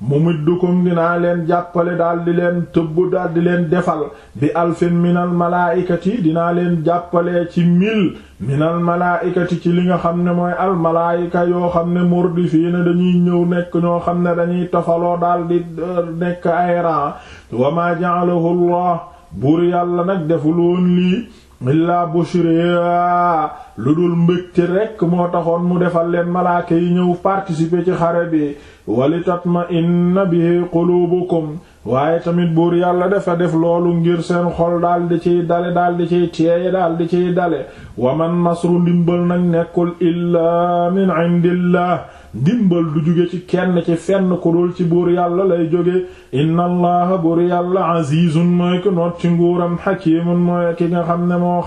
mu middukum dinaa leen jàppale daldi leen tëbb daldi leen defal bi alfin minal malaaykati dinaa leen jàppale ci mil minal malaaykati ci li nga xam ne mooy almalaayika yoo xam ne murdifiina dañuy ñëw nekk ñoo xam ne dañuy toxaloo daldi euh, nekk ay ran wa maa ja'alahu Allah buur yàlla nag deful woon lii illaa bushra lu dul mbëgte rekk moo taxoon mu defal leen malaaka yi ñëw participer ci xare bi walitatma inna bihi qulubukum waaye tamit buur yàlla fa def loolu ngir seen xol daldi ciy dale daldi ciy teeye daldi ciy dale wa man nasru ndimbal nag nekkul illaa min indillah dimbal du jóge ci kenn ci fenn ku dul ci buur yàlla lay jóge inna allaha buur yàlla azizun mooy ki ci nguuram xakimun mooy ki nga xam ne moo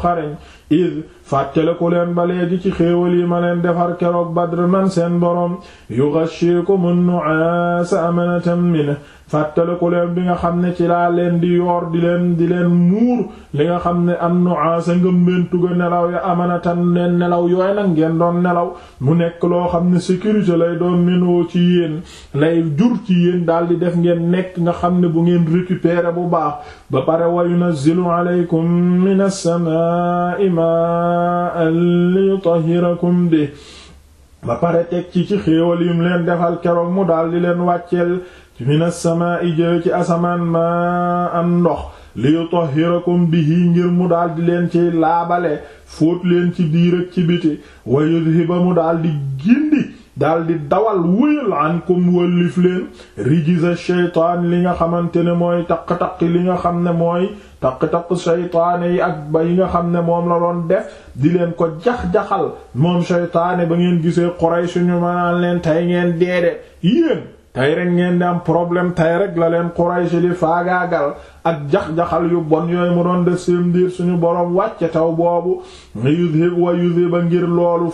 id fàttaliku leen ba léegi ci xéewal ma leen defar keroog Badr man seen boroom yughashshikum an-nu'asa amanatan minhu fàttaliku leen bi nga xam ne ci laa leen di yoor di leen di leen muur li nga xam ne an-nu'asa ngëmbeentu ga nelaw ya amanatan leen nelaw yooy nag ngeen doon nelaw mu nekk loo xam ne sécurité lay doon menoo ci yéen lay jur ci yéen daal di def ngeen nekk nga xam ne bu ngeen récupérer bu baax ba pare wa yunazzilu alaykum minas samaa'i ma an litahirakum bi ba pare teg ci ci xéewal yum leen defal keroog mu daldi leen wàcceel minas samaa'i jëwe ci asamaan ma am ndox liyutahhirakum bihi ngir mu daldi leen ci laabale fóot leen ci biir ci biti wa yudhiba mu daldi gindi daal di dawal wuyal ankum wëllif leen rijisa shaytaan li nga xamante ne mooy taq takk li nga xam ne mooy taq-taq shaytaane yi ak ba yi nga xam ne moom la doon def di leen ko jax-jaxal moom shaytaane ba ngeen gisee Quraysh ñu mënaan leen tey ngeen deede yéen tey rek ngeen di am problème tey rek la leen Quraysh di faagaagal ak jax-jaxal yu bon yooyu mu doon def seen ndiir suñu boroom wàcce taw boobu nga yudhib wa yudhiba ngir loolu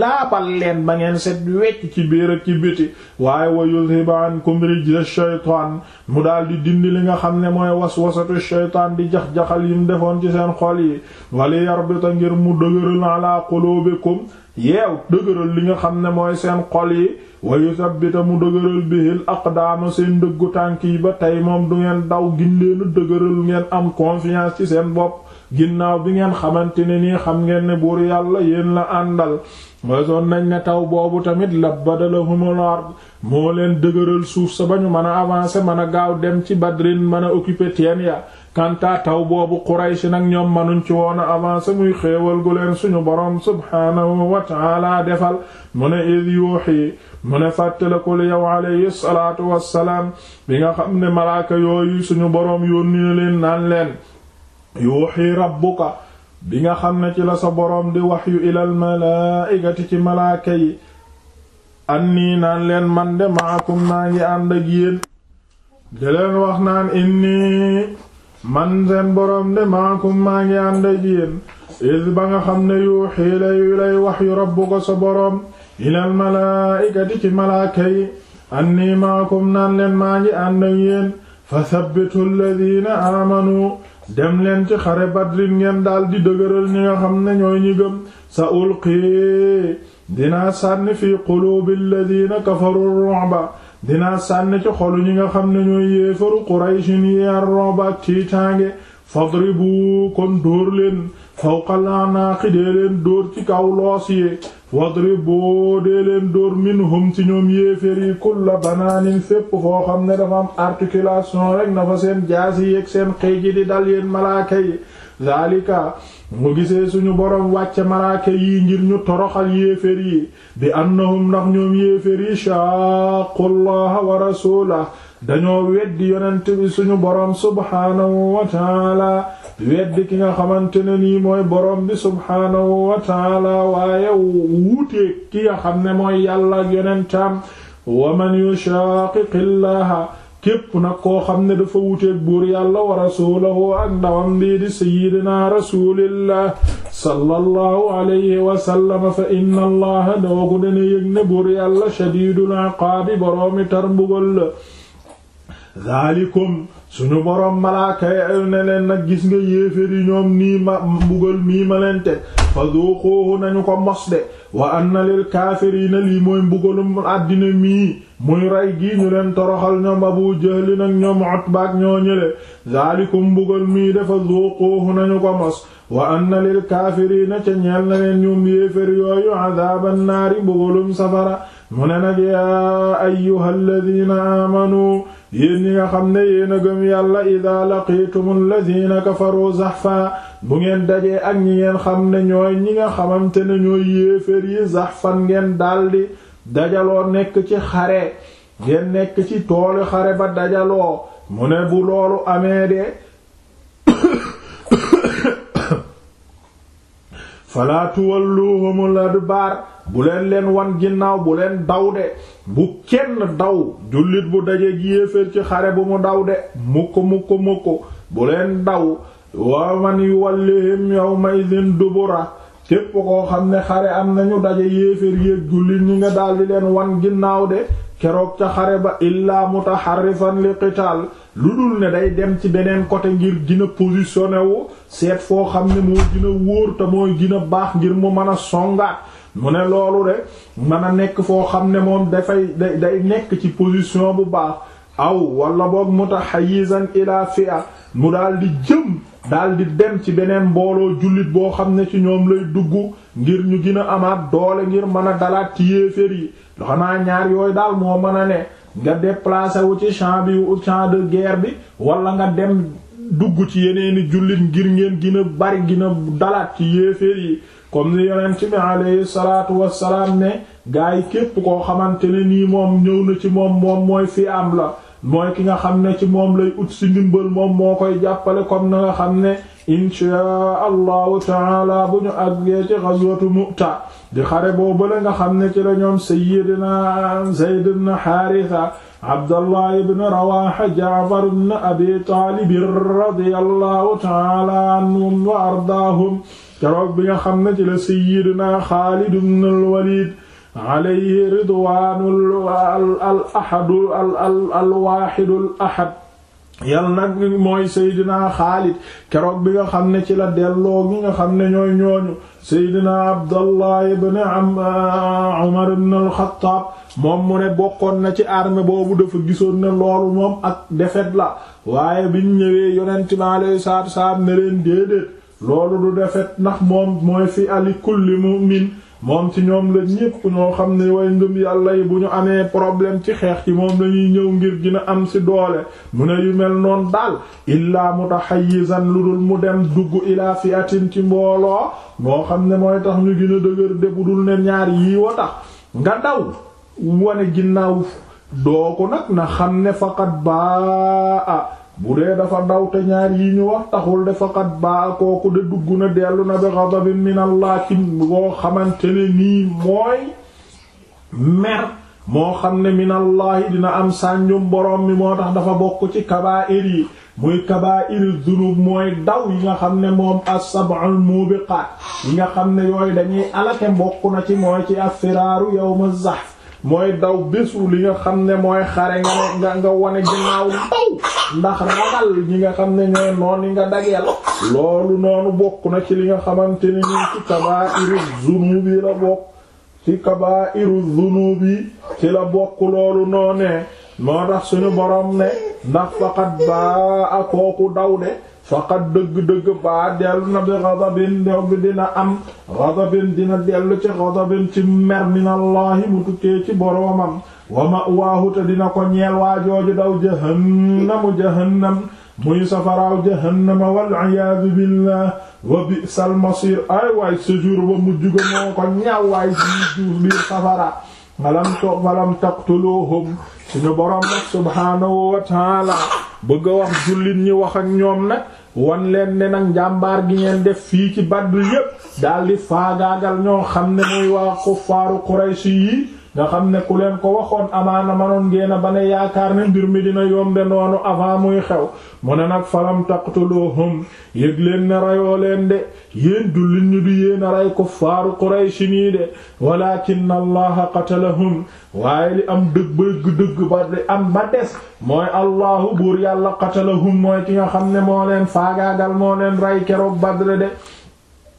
laabal leen ba ngeen set wecc ci biir ak ci biti waaye wa yudhiba ankum rijza shaytaan mu daal di dindi li nga xam ne mooy waswasatu shaytaan di jax-jaxal yi mu defoon ci seen xool yi wali yarbita ngir mu dëgëral ala qulubikum yeew dëgëral li nga xam ne mooy seen xol yi wa yusabbita mu dëgëral bihil aqdaama seen dëggu tànk yi ba tey moom du ngeen daw gin leenu dëgëral ngeen am confiance ci seen bopp ginnaaw bi ngeen xamante ne nii xam ngeen ne buur yàlla yéen la àndal wasoon nañ ne taw boobu tamit labbadalahumul ard moo leen dëgëral suuf sa ba ñu mën a avancer mën a gaaw dem ci badrin mën a occuper teen ya kanta taw boobu Quraysh nag ñoom manuñ ci woon a avancé muy xéewal gu leen suñu boroom subhaanahu wa taala defal mu ne id yuuxi mu ne fàttalikul yow alayhi salaatu wassalaam bi nga xam ne malaaka yooyu suñu boroom yónni na leen naan leen yuuxi rabbuka bi nga xam ne ci la sa boroom di waxyu ilal malaaikati ci malaaka yi annii naan leen man de maakum naa ngi ànd ak yéen de leen wax naan inni man seen boroom de maakum maa ngi ànd is ba nga xam ne yuuxii layu lay wax yu boroom ilal malaa'ikati ci malaaka yi annii naan leen maa ngi ànd ak yéen fa sabbitu aamanu dem leen ci xare badrin ngeen daal di dëgëral ñi nga xam ne ñooy ñi gëm sa ulqii dinaa sànni fi quluubi alladina kafaru ru'ba dinaa sànn ci xolu ñi nga xam ne ñooy yéefaru Quraysin yi ar-ra'b ak tiitaange fadribu kon dóor leen fawqal a'naaqi leen dóor ci kaw loos yi fadribu dee leen dóor minhum ci ñoom yéefér yi kulla banaanin fépp foo xam ne dafa articulation rek na seen jaasi yeeg seen xëy ji di dal yéen malaaka yi zalika mu gisee suñu boroom wàcce malaaka yii ngir ñu toroxal yéeféer yi bi annahum ndax ñoom yéeféer yi shaaqullaha wa rasuulah dañoo weddi yonent bi suñu boroom subhaanahu wa taala weddi ki nga xamante ne nii mooy boroom bi subhaanahu wa taala waaye wuutee ki xam yàlla ak yonentam képp nag koo xam ne dafa wuteeg buur yàlla wa rasuulahu ak ndawam bii di sayyidina rasulillah sallallahu alayhi wa sallam fa inna allaha doogu ne buur yàlla shadiidul iqaabi boroomi tar mbugal la suñu boroom malaaka yi ne leen nag gis nga ñoom nii ma mbugal mii ma leen teg fa duuquuhu nañu ko mos de wa anna lil kaafiriina lii mooy mbugalum àddina mii muy rey ñu leen toroxal ñoom abu jahlin ak ñoom utba ak ñoo ñële zaalikum mbugal mii dafa duuquuhu nañu ko mos wa anna lil kaafiriina na leen ñoom yéefér yooyu adaaban naari mbugalum safara mu ne nag yaa ayyuhal ladiina aamanu yéen ñi nga xam ne yéen a gëm yàlla ida laqitum alladina kafaru zahfa bu ngeen dajee ak ñi ngeen xam ne ñooy ñi nga xamante ne ñooy yéeféer yi zahfan ngeen daldi dajaloo nekk ci xare ngeen nekk ci toolu xare ba dajaloo mu ne bu loolu amee de fala tuwalluhumul adbar bu leen leen wan ginnaaw bu leen daw de bu kenn daw jullit bu daje gi yéeféer ci xare bu mu daw de mukk mukk mukk bu leen daw wa man yuwallihim yawma idhin dubura képp koo xam ne xare am nañu daje yéeféer yéeg jullit ñi nga daldi leen wan ginnaaw de keroog ca xare ba illaa mutaharrifan li qitaal lu dul ne day dem ci beneen côté ngir dina positionné wu seet foo xam ne moo gën wóor te mooy gën baax ngir mu mën a songaat mu ne loolu rek mën a nekk foo xam ne moom dafay day day nekk ci position bu baax aw wala boog mutahayizan ila fi'a mu dal di jëm daal di dem ci beneen mbooloo jullit boo xam ne ci ñoom lay dugg ngir ñu gën a amaat doole ngir mën a dalaat ci yéeféer yi xanaa ñaar yooyu daal moo mën a ne nga déplacé wu ci champ bi champ de guerre bi wala nga dem dugg ci yeneeni jullit ngir ngeen gën bari gina dalaat ci yéeféer yi comme ni yonent bi alayhi salaatu wassalaam ne gaa yi képp koo xamante ne nii moom ñëw na ci moom moom mooy fi am la mooy ki nga xam ne ci moom lay ut si ndimbal moom moo koy jàppale comme na nga xam ne inchaa allahu taala bu ñu àggee ci ghazwatu mu'ta di xare boobu la nga xam ne ci la ñoom sayyidina zayd ibn haritha abdallah ibn rawaha jaafar ibn abi taalib radiyallahu taala anhum wa ardaahum keroog bi nga xam ne ci la sayyidina Xaalid ibn al-Walid alayhi ridwaanul al ahadu al yal nag mooy seydinaa xaalid keroog bi nga xam ne ci la delloo gi nga xam ne ñooy ñooñu seydinaa abdallah ibn am uh, umar ibn alxataab moom mu ne bokkoon na ci armée boobu dafa gisoon ne loolu moom ak defet la waaye biñ ñëwee yonent bi alayhi salaatu salaam ne leen déedéet loolu du defet ndax moom mooy fi ali kulli mu'min moom ci ñoom la ñépp ñoo xam ne way ngëm yàlla yi bu ñu amee problème ci xeex ci moom lañuy ñëw ngir dina am ci doole mu ne yu mel noon daal illaa mutahayyizan lu dul mu dem dugg ilaa fi atin ci mbooloo moo xam ne mooy tax ñu gën a dëgër de bu dul ne ñaar yii wa tax nga daw wane ginnaaw doo ko nag na xam ne faqat baa bu dee dafa daw te ñaar yi ñu wax taxul de faqat baa kooku de dugg na dellu na bi ghadabin min Allah ci boo xamante ne nii mooy mer moo xam ne min Allah dina am sànjum borom mi moo tax dafa bokk ci kabaa'ir yi muy kabaa'ir dunub mooy daw yi nga xam ne moom as-sab'ul mubiqaat yi nga xam ne yooyu dañuy alate mbokk na ci mooy ci affiraaru yawm az-zahf mooy daw bésu li nga xam ne mooy xare nga nga nga wane ginnaaw ndax ragal ñi nga xam ne ñooy noonu nga dageel loolu noonu bokk na ci li nga xamante ne ni ci kabaa'iru zunubi la bokk ci kabaa'iru zunubi ci la bokk loolu noonee moo tax suñu borom ne ndax faqat baa a kooku daw de faqad dëgg-dëgg baa dellu na bi ghadabin dew bi dina am ghadabin dina dellu ci ghadabin ci mer minallahi bu tukkee ci boroomam wa ma'waahu te dina ko ñeel waa jooju daw jahannamu jahannam muy safaraaw jahannama wal iyaadu billah wa bi'sal masir ay waay séjour ba mujj ga moo ko ñaaw waay biir biir safara malam to malam taqtuluhum suñu boroom nag subhaanahu wa bëgg a wax jullit ñi wax ak ñoom nag wan leen ne nag njàmbaar gi ngeen def fii ci Badr yépp daldi faagaagal ñoo xam ne muy waa kuffaaru Quraysh yi nga xam ne ku leen ko waxoon amaana manoon ngeen a ba ne yaakaar ne mbir mi dina yombe noonu avant muy xew mu ne nag falam taqtuluhum yëg leen ne rayoo leen de yéen jullit ñu du yéen a rey kuffaaru Qurayshi nii de walakin allaha qatalahum waaye li am dëgg bëgg dëgg ba li am ba des mooy allahu buur yàlla qatalahum mooy ki nga xam ne moo leen faagaagal moo leen rey keroog Badr de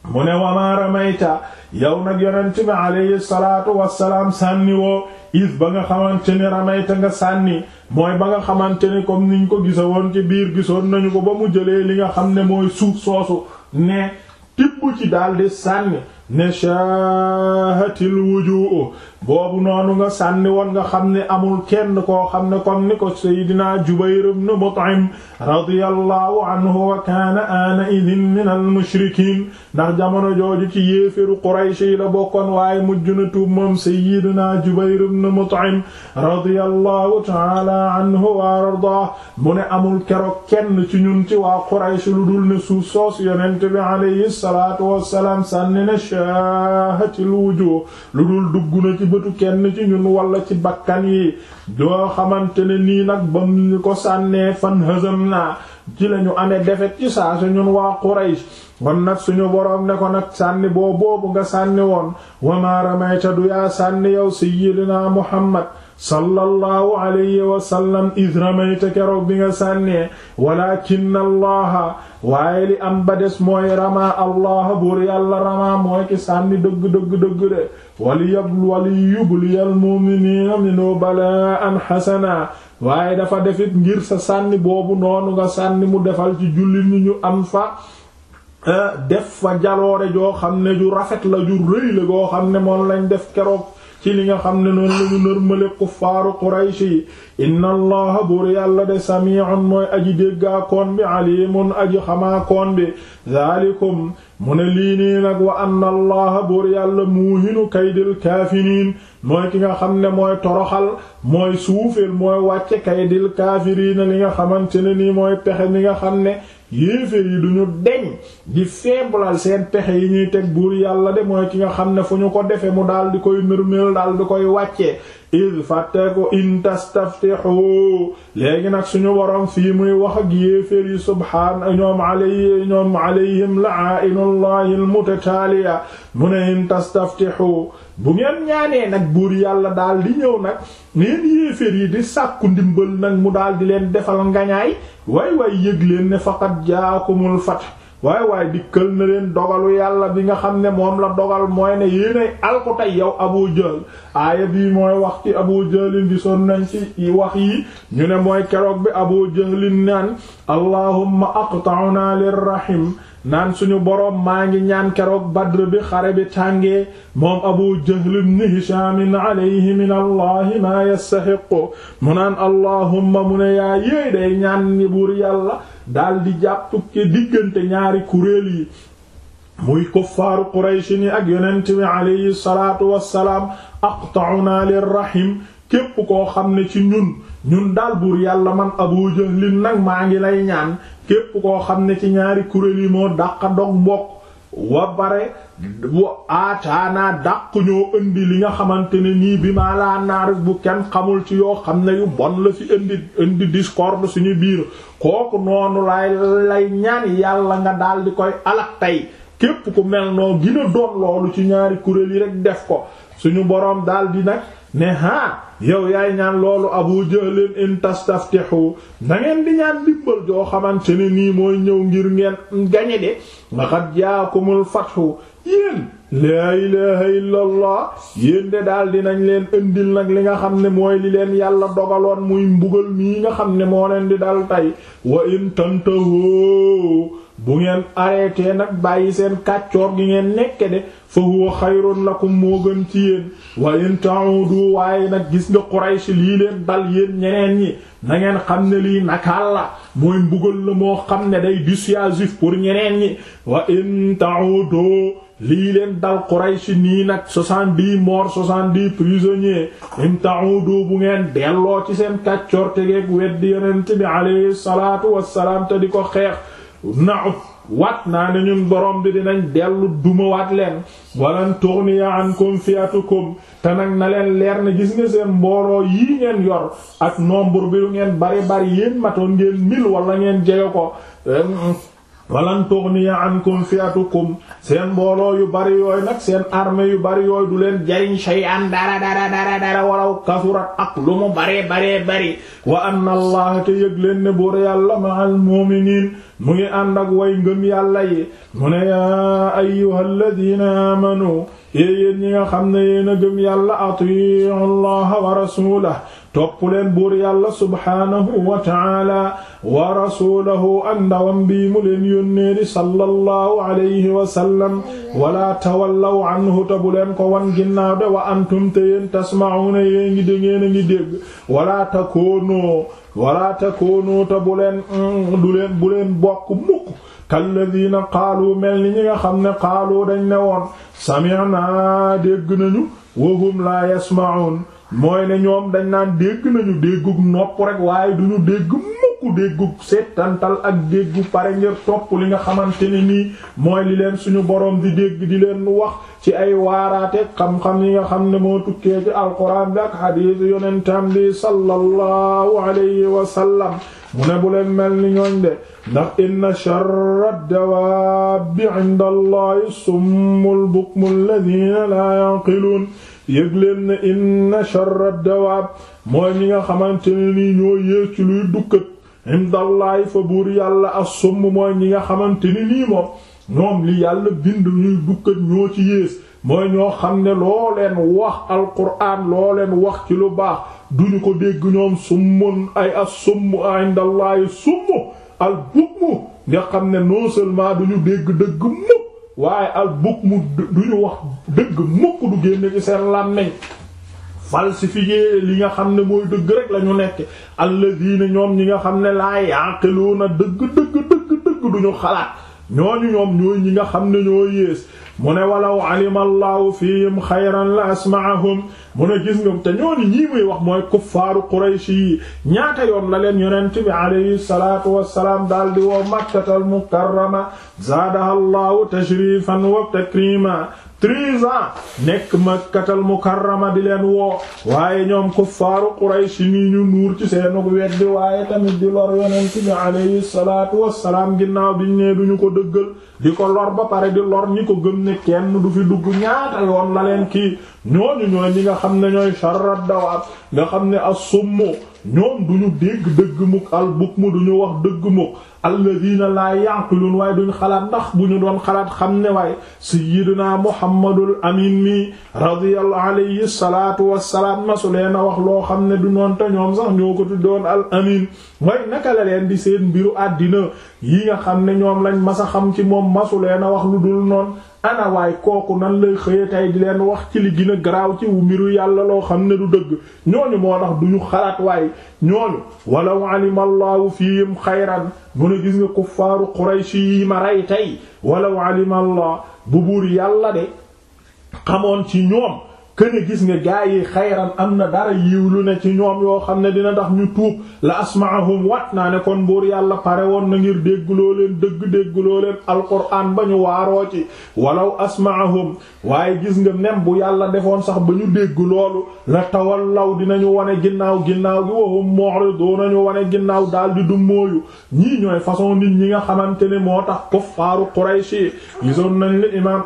mu ne wa ma ramayta yow nag yonent bi alayhi salaatu wassalaam sànni woo is ba nga xamante ni ramayta nga sànni mooy ba nga xamante ni comme niñ ko gisa woon ci biir gisoon nañu ko ba mu jëlee li nga xam ne mooy suuf soosu ne tibb ci daldi sànni ne shaahatil wujuhu boobu noonu nga sànni woon nga xam ne amul kenn koo xam ne kon ni ko seydinaa Jubayr ibn Mut'im radiyallahu anhu wa kaana aana idin min al mushrikiin ndax jamono jooju ci yéeféru Quraysh yi la bokkoon waaye mujj na tuub moom seydinaa Jubayr ibn Mut'im radiyallahu ta'ala anhu wa ardaah mu ne amul keroog kenn ci ñun ci waa Quraysh lu dul ne suuf soos yonent bi alayhi salaatu wassalaam sànni na shaahatil wujuh lu dul dugg na ci bëtu kenn ci ñun wala ci bakkan yi doo xamante ne nii nag ba ñu ko sànnee fan hësam naa ci lañu amee defet ci saa su ñun waa Quraysh kon nag suñu boroom ne ko nag sànni boo boobu nga sànni woon wa maa ramayta du yaa sànni yow sayyidina Muhammad sallallahu alayhi wa sallam id ramayta keroog bi nga sànnee walakinna allaha waaye li am ba des mooy rama allah buur yàlla rama mooy ki sànni dëgg dëgg dëgg de wali yab wali yubliyal mu'minina minhu balaan xasana waaye dafa defit ngir sa sànni boobu noonu nga sànni mu defal ci jullit ñi ñu am fa eh, def fa jaloore joo xam ne ju rafet la ju rëy goo xam ne moom lañ def keroog ci li nga xam ne noonu lañu nërmale kuffaaru quraysh inna allaha buur yàlla de sami'un mooy aji déggaakoon bi alimun aji xamaakoon bi zaalikum mu ne lii nii nag wa anna allaha buur yàlla muuhinu kaydil kaafiriin mooy ki nga xam ne mooy toroxal mooy suufeel mooy wàcce kaydil kaafiriina li nga xamante ne nii mooy pexe mi nga xam ne yéeféer yi duñu deñ di feeblal seen pexe yi ñuy teg buur yàlla de mooy ki nga xam ne fu ñu ko defe mu daal di koy nërmeel daal di koy wàccee il fàtte ko in tastaftihu léegi nag suñu waroon fii muy wax ak yéefér yi subhaana ñoom alay ñoom alayhim la'ainullahi almutataaliya mu ne in tastaftihu bu ngeen ñaanee nag buur yàlla daal di ñëw nag neen yéeféer yi di sàkku ndimbal nag mu daal di leen defal ngañaay way way yëg leen ne faqad jaakumul fath waay waay waaye dikkal na leen dogalu yàlla bi nga xam ne moom la dogal mooy ne yéenay alko tey yow Abu Jahl aaya bii mooy wax ci Abu Jahlin gisoon nañ ci wax yi ñu ne mooy keroog bi Abu Jahlin naan allahumma aqta'na lirrahim naan suñu boroom maa ngi ñaan keroog Badr bi xare bi tàngee moom Abu Jahl ibn Hisham alayhi min allahi maa yastahiqu mu naan allahumma mu ne yaa yéey day ñaan ni buur yàlla daldi di jàpp diggante ñaari kuréel yi muy kuffaaru Quraysh yi ak yonent bi alayhi salaatu wassalaam aqta'una lirrahim képp koo xam ne ci ñun ñun dal buur yàlla man Abu Jahlin nag maa ngi lay ñaan képp koo xam ne ci ñaari kuréel yi moo dàqa dog mbokk wa bare wa aataanaa dàq ñoo indi li nga xamante ne nii bi maa laa naarif bu kenn xamul ci yoo xam ne yu bon la ci indi indi discorde suñu biir kooku noonu lay lay ñaan yàlla nga daal di koy alak tey képp ku mel noo gina doon loolu ci ñaari kuréel yi def ko suñu boroom daal di nag ne ha yow yaay ñaan loolu abu jahlin in tastaftihu na ngeen di ñaan dimbal joo xamante ne nii mooy ñëw ngir ngeen gañe de laqad jaakumul fathu yéen laa ilaha illa yéen de daal dinañ leen indil nag li nga xam ne mooy li leen yàlla dogaloon muy mbugal mii nga xam ne moo leen di dal tey wa in tantahu bu ngeen arrêté nag bàyyi seen kàccoor gi ngeen nekke de fa huwa xayrun lakum moo gën ci yéen wa in ta'udu waaye nag gis nga Quraysh lii leen dal yéen ñeneen ñi na ngeen xam ne lii nakaal la mooy mbugal la moo xam ne day dissuasif pour ñeneen ñi wa in ta'udu lii leen dal Quraysh nii nag soixante-dix morts soixante-dix prisonniers in ta'udu bu ngeen delloo ci seen kàccoor tegeeg weddi yonent bi alayhi salaatu wassalaam te di ko xeex na waat naa ne ñun borom bi dinañ dellu dumawaat leen walan tughniya ankum kom te nag na leen leer na gis nga seen mbooloo yii ngeen yor ak nombre bi ngeen bari bari yéen matoon ngeen mil wala ngeen jege ko walan tughniya ankum fi'atukum seen mbooloo yu bari nag seen armée yu bari yooyu du leen jariñ shay'an dara dara dara dara kasurat ak lu mu bari wa anna allah te yëg leen ne buur yàlla ma'al mu'minin mu ngi ànd ak way ngëm yàlla yi mu ne yaa ayyuhal amanu yéen ñi nga xam ne yéen a gëm yàlla atii'u wa rasulahu topp leen buur yàlla subhaanahu wa ta'ala wa rasuulahu ak ndawam bii mu leen yónnee di sallallahu wala tawallaw anhu ta bu leen ko wan ginnaaw de wa antum te yéen tasma'una yée ngi a ngi dégg wala takoonoo wala takoonoo ta bu leen mm, du bu leen bokk mukk kalladina qaalu mel ni ñi xam ne qaalu dañ ne woon sami'na dégg nañu wa la yasma'un mooy ne ñoom dañ naan dégg nañu déggug nopp rek waaye duñu dégg mukk déggug seetantal ak déggu pare ngir topp li nga xamante ne nii mooy li leen suñu boroom di dégg di leen wax ci ay waaraate xam-xam yi nga xam ne moo tukkee ci alxuraan bi ak xadiis yonentam bi sallallahu alayhi wa sallam mu ne bu leen mel ni ñooñ de ndax inna sharra dawaabi inda allahi summul bukmu alladina la yanqiluun yëg leen ne inna sharra mooy ñi nga xamante ni nii ñoo yées ci luy dukkat indallaay fa buur yàlla as-summ mooy ñi nga xamante ni nii moom ñoom li yàlla bind ñuy dukkat ñoo ci yées mooy ñoo xam ne loo leen wax alquraan loo leen wax ci lu baax duñu ko dégg ñoom summun ay as-summ indallaay summ al nga xam ne non seulement duñu dégg dëgg mukk waaye al bukk mu du ñu wax dëgg mukk du génn ci seen làmmiñ falsifié li nga xam ne mooy dëgg rek la ñu nekk alladina ñoom ñi nga xam ne laa yaqiluna dëgg dëgg dëgg dëgg duñu ñu xalaat ñooñu ñoom ñooy ñi nga xam ne ñoo yées mu ne walaw alima allahu fihim xayran la asmaahum mu ne gis nga te ñooni ñii muy wax mooy kuffaaru qurayshi yi ñaata yoon la leen yonent bi alayhi salaatu wassalaam daal di woo makkatal mukarrama zaadaha allahu tashrifan wa takrima treize ans nekk makkatal mukarrama di leen woo waaye ñoom kuffaaru Quraysh ni ñu nuur ci seenu weddi waaye tamit di lor yonent bi alayhi salaatu ginnaaw bi ne duñu ko dëggal di ko lor ba pare di lor ñi ko gën ne kenn du fi dugg ñaata yoon la leen kii ñooñu ñooy ñi nga xam ne ñooy sharrat dawaat nga xam ne as-summu ñoom duñu dégg dëgg mukk al bukmu duñu wax dëgg mukk alladina laa yaqilun waaye duñ xalaat ndax bu ñu doon xalaat xam ne waaye sayyidina muhammadul amin mi radiyallahu alayhi salaatu wassalaam masu leen a wax loo xam ne du noon te ñoom sax ñoo ko tuddoon al amin waaye naka la leen di seen mbiru àddina yi nga xam ne ñoom lañ masa xam ci moom masu leen a wax lu dul noon ana waay kooku nan lay xëye tey di leen wax ci li gën garaaw ci wu mbiru yàlla loo xam ne du dëgg ñooñu moo tax duñu xalaat waay ñooñu walaw mu ne gis nga kuffaaru Qurayshi yi ma rey tey walaw alima allah bu buur yàlla de xamoon ci ñoom këne gis nga gaa yi xayran am na dara yiw lu ne ci ñoom yoo xam ne dina tax ñu tuub la asmaahum wat naa ne kon buur yàlla pare woon na ngir déggloo leen dëgg déggloo leen alquran ba ñu waaroo ci walaw asmaahum waaye gis nga nem bu yàlla defoon sax ba ñu dégg loolu la dina ñu wane ginnaaw ginnaaw gi wahum mu'ridun nañu wane ginnaaw daal di du mooyu ñii ñooy façon nit ñi nga xamante ni moo tax kuffaaru Qurayshi gisoon nañ li imaam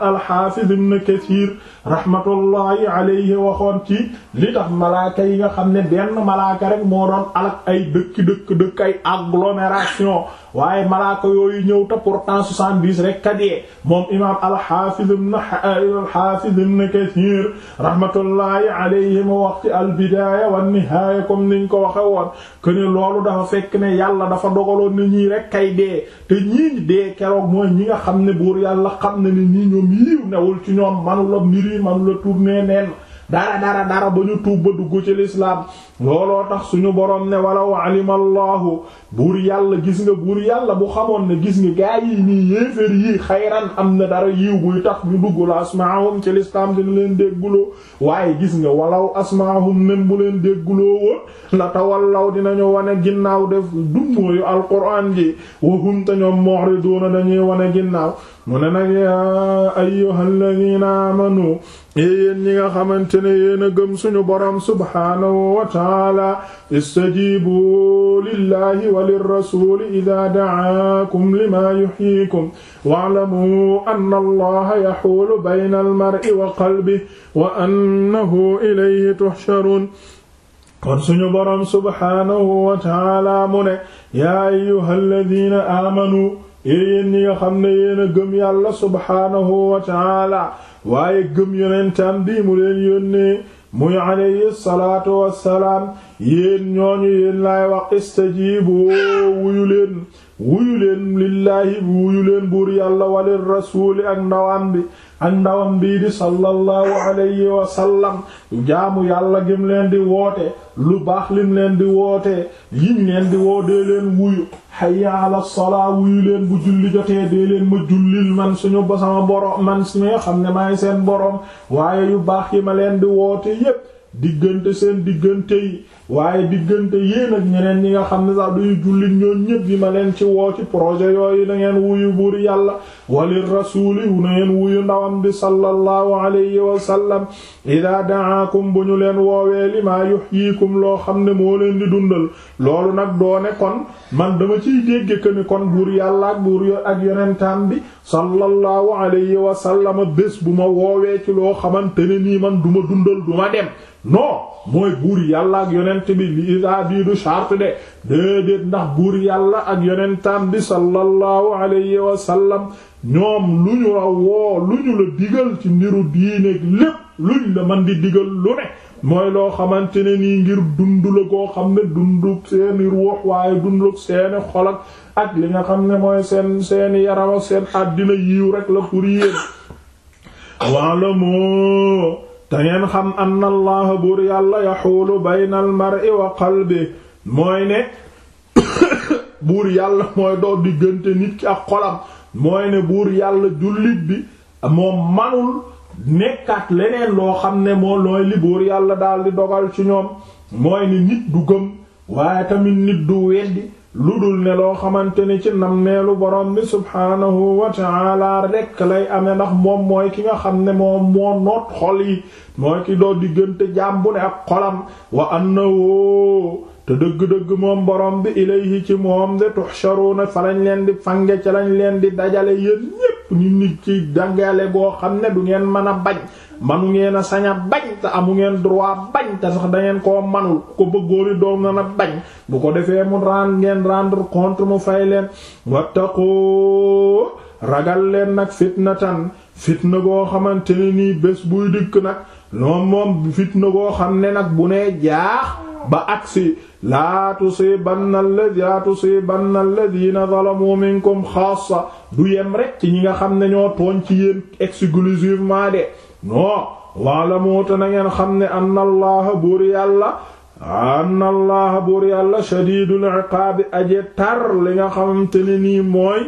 rahmatullahi alayhi waxoon ci li tax malaaka yi nga xam ne benn malaaka rek moo doon alak ay dëkki dëkk dëkk ay agglomération waaye malaaka yooyu ñëw te pourtant soixante-dix rek ka dee moom imaam al-Hafiz ibn al-Hafiz ibn Kathir rahmatullahi alayhi mu wax ci al-Bidaya wan-Nihaya comme niñ ko waxe woon que ne loolu dafa fekk ne yàlla dafa dogaloon ne ñii rek kay dee te ñii dee keroog mooy ñi nga xam ne buur yàlla xam ne ni ñii ñoom yiiw newul ci ñoom manula mbiri lii man la tourner nen dara dara dara ba ñu tuub ba dugg ci lislaam looloo tax suñu borom ne walaw alimallahu buur yàlla gis nga buur yàlla bu xamoon ne gis nga gaa yi nii yéeféer yii xayran am na dara yiw buy tax ñu dugg la asmaahum ci lislaam dina leen dégguloo waaye gis nga walaw asmaahum même bu leen dégguloo woon la tawallaw dinañu wane ginnaaw def dummóoyu alquran ji wahum te ñoom mu'riduna dañuy wane ginnaaw mu ne nag yaa ayyuhal ladina amanu yéen ñi nga xamante ne yéen a gëm suñu borom subhaanahu wa taala istajibu lillahi wa lirrasuli ida da'aakum lima yuhyikum wa'lamu anna allaha yaxuulu bayna almar'i wa qalbihi wa annahu ilayhi tuhsharun kon suñu borom subhaanahu wa taala mu ne yaa ayyuhal ladina aamanu yéen ñi nga xam ne yéen a gëm yàlla subhaanahu wa taala waaye gëm yonentam bi mu leen yónnee muy alayhi salaatu wassalaam yéen ñooñu yéen laay wax istajibu wuyu leen wuyu leen lillaahi wuyu leen buur yàlla walil rasuuli ak ndawam bi ak ndawam bii di sallallahu alayhi wa sallam jaamu yàlla gim leen di woote lu baax lim leen di woote yiñ leen di woo leen wuyu hayya ala salaa wuyu leen bu julli jotee dee leen ma jullil man suñu ba man suñu xam ne maay seen borom waaye yu baax yi ma leen di woote yépp diggante seen diggante yi waaye diggante yéen ak ñeneen ñi nga xam ne sax duy jullit ñoon ñëpp yi ma leen ci woo ci projet yooyu na ngeen wuyu buur yàlla walir rasuuli na ngeen wuyu ndawam bi sallallahu alayhi wa sallam ida daakum bu ñu leen woowee li maa yuhyikum loo xam ne moo leen di dundal loolu nag doone kon man dama ciy dégge que ni kon buur yàlla buur yo ak yonentaan bi sallallahu alayhi wa sallam bés bu ma woowee ci loo xamante ne nii man duma dundal duma dem non mooy buur yàlla ak yonent bi li isa bii du charte de déedéet ndax buur yàlla ak yonentam bi sallallahu alayhi wa sallam ñoom lu ñu la woo lu ñu la digal ci ndiru diineeg lépp luñ la man di digal lu ne mooy loo xamante ne nii ngir dund la koo xam ne dundug seeni ruux waaye dundug seeni xol ak li nga xam ne mooy seen seeni yaram ak seen àddina yiw rek la pour yéen wala moo dangeen xam anna allaha buur yàlla yaxuulu bayna al mar'i wa qalbi mooy ne buur yàlla mooy dox diggante nit ki ak xolam mooy ne buur yàlla jullit bi moom manul nekkaat leneen loo xam ne moo looy li buur yàlla daal di dogal ci ñoom mooy ni nit du gëm waaye tamit nit du weddi lu dul ne loo xamante ni ci nammeelu borom bi subhaanahu wa ta'ala rekk lay amee ndax moom mooy ki nga xam ne moom moo noot xol yi mooy ki doo diggante jaam bu ne ak xolam wa annahu te dëgg-dëgg moom borom bi ilayhi ci moom de tuhsharuna fa falañ leen di fange ca lañ leen di dajale yéen ñépp ni nit ci dangale goo xam ne du ngeen mën a bañ manu ngeen a sañ a bañ te amu ngeen droit bañ te sax da ngeen koo manul ko bëggooni doom na na bañ bu ko defee mu rendre ngeen rendre compte mu fay leen wattaqoo ragal leen nag fitnatan fitna goo xamante ne nii bés buy dikk nag moom moom fitna goo xam ne nag bu nee jaax ba agsi laa tusibanna alladhi laa tusibanna alladhina zalamu minkum xaassa du yem rek ci nga xam ne ñoo tooñ ci yéen ngeen xam ne anna allaha buur yàlla anna allaha buur yàlla shadidul iqaabi aje tar li nga xamante ne nii mooy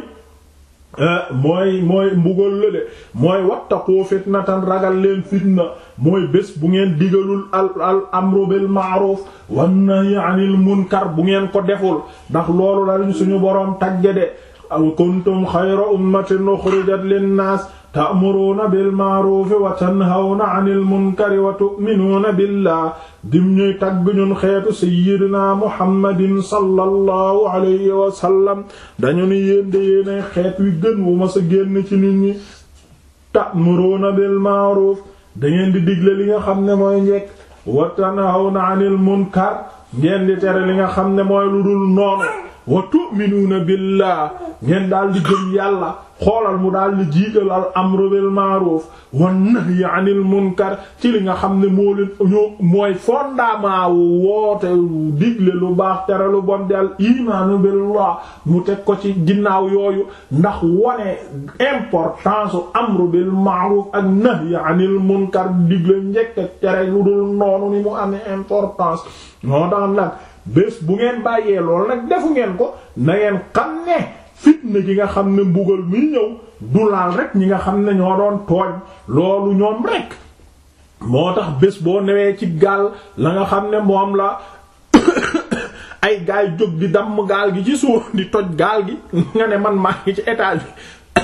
Euh, mooy mooy mbugal la de mooy wattaqu fitnatan ragal leen fitna mooy bés bu ngeen digalul al al amru bil ma'ruf wan nahyi anil munkar bu ngeen ko deful ndax loolu la suñu boroom tagge de aw kuntum xayra ummatin ukhrijat lin nas ta'muruuna bil ma'ruufi wa tanhawna 'anil munkari wa tu'minuuna billah dim ñuy tagg ñun xeetu sayyidina muhammadin sallallahu alayhi wa dañu ni yéen de yéenay xeet wi gën wu ma sa génn ci nit ñi ta'muruuna bil ma'ruuf da ngeen di digle li nga xam ne mooy njekk wa tanhawna 'anil munkar ngeen di tere li nga xam ne mooy lu dul noonu wa tu'minuuna billah ngeen daal di gëm yàlla xoolal mu daal di jiital al amru bil ma'ruf wan nahyi anil munkar ci li nga xam ne moo leen ñoo mooy fondement wu woote digle lu baax tere lu bon di al imaanu billah mu teg ko ci ginnaaw yooyu ndax wone importance am bil ma'ruf ak nahyi anil munkar digle njekk tere lu dul noonu ni mu amee importance moo tax nag bés bu ngeen bàyyee lool nag defu ngeen ko na ngeen xam ne fitna gi nga xam ne mbugal muy ñëw du laal rek ñi nga xam ne ñoo doon tooñ loolu ñoom rek moo tax bés boo newee ci gaal la nga xam ne moom la ay gaay jóg di damm gaal gi ci suuf di toj gaal gi nga ne man maa ngi ci étage bi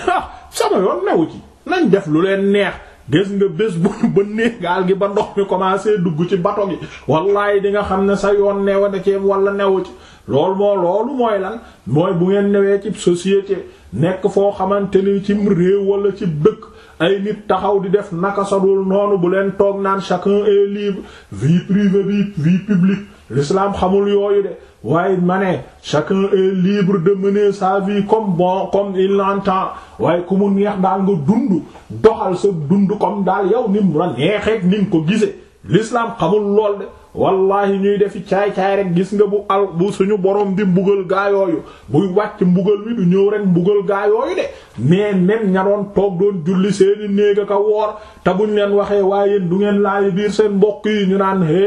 sama yoon newu ci nañ def lu leen neex gis nga bés bu ba néegaal gi ba ndox mi commencé dugg ci bato gi wallaay di nga xam ne sa yoon neewa da ci wala newu ci lool moo loolu mooy lan mooy bu ngeen newee ci société nekk foo xamante ni ci réew wala ci dëkk ay nit taxaw di def naka sadul noonu bu leen toog naan chacun est libre vie privée vie vie l'islam xamul yooyu de waaye ma chaque chacun libre de mener sa vie comme bon comme il l'entend waaye ku mu neex daal nga dund doxal sa dund comme daal yow ni mu la neexee ni nga ko gisee l'islam xamul lool de wallahi ñuy defi caay-caay rek gis nga bu al bu suñu borom di mbugal gaa yooyu buy wàcc mbugal mi du ñëw rek mbugal gaa yooyu de mais même ña doon toog doon julli seeni néeg ak a woor te buñ leen waxee waaye du ngeen laaj biir seen mbokk yi ñu naan hé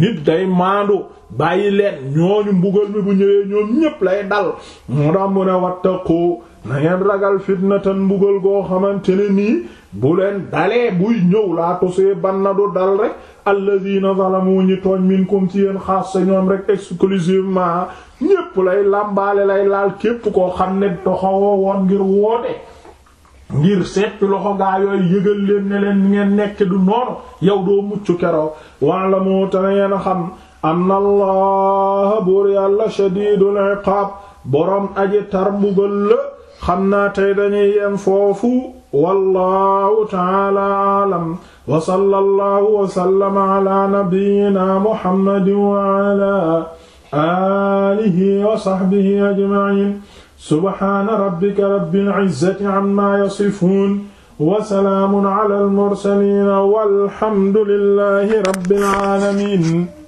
nit day maandu bàyyi leen ñooñu mbugal mi bu ñëwee ñoom ñépp lay dal moo tax mu ne wattaqu na ngeen ragal fitnatan mbugal goo xamante ne nii bu leen dalee buy ñëw laa tosee ban na du dal rek alladina zalamu ñi tooñ minkum ci yéen xaas sa ñoom rek exclusivement ñépp lay làmbaale lay laal képp koo xam ne doxawoo woon ngir woote ngir seppi loxo gaa yooyu yëgal leen ne leen ngeen nekk du noonu yow doo mucc kero wala moo te na ngeen xam am na allah buur yàlla shadidul iqab aji tar mbugal la xam naa tey dañuy yem foofu wallahu taala alam wa sallallahu wa sallama ala nabiyyina muhammadin wa ala alihi wa sahbihi ajma'in subhana rabbika rabbil izzati amma yasifun wa salaamun ala al mursalin walhamdulillahi rabbil alamin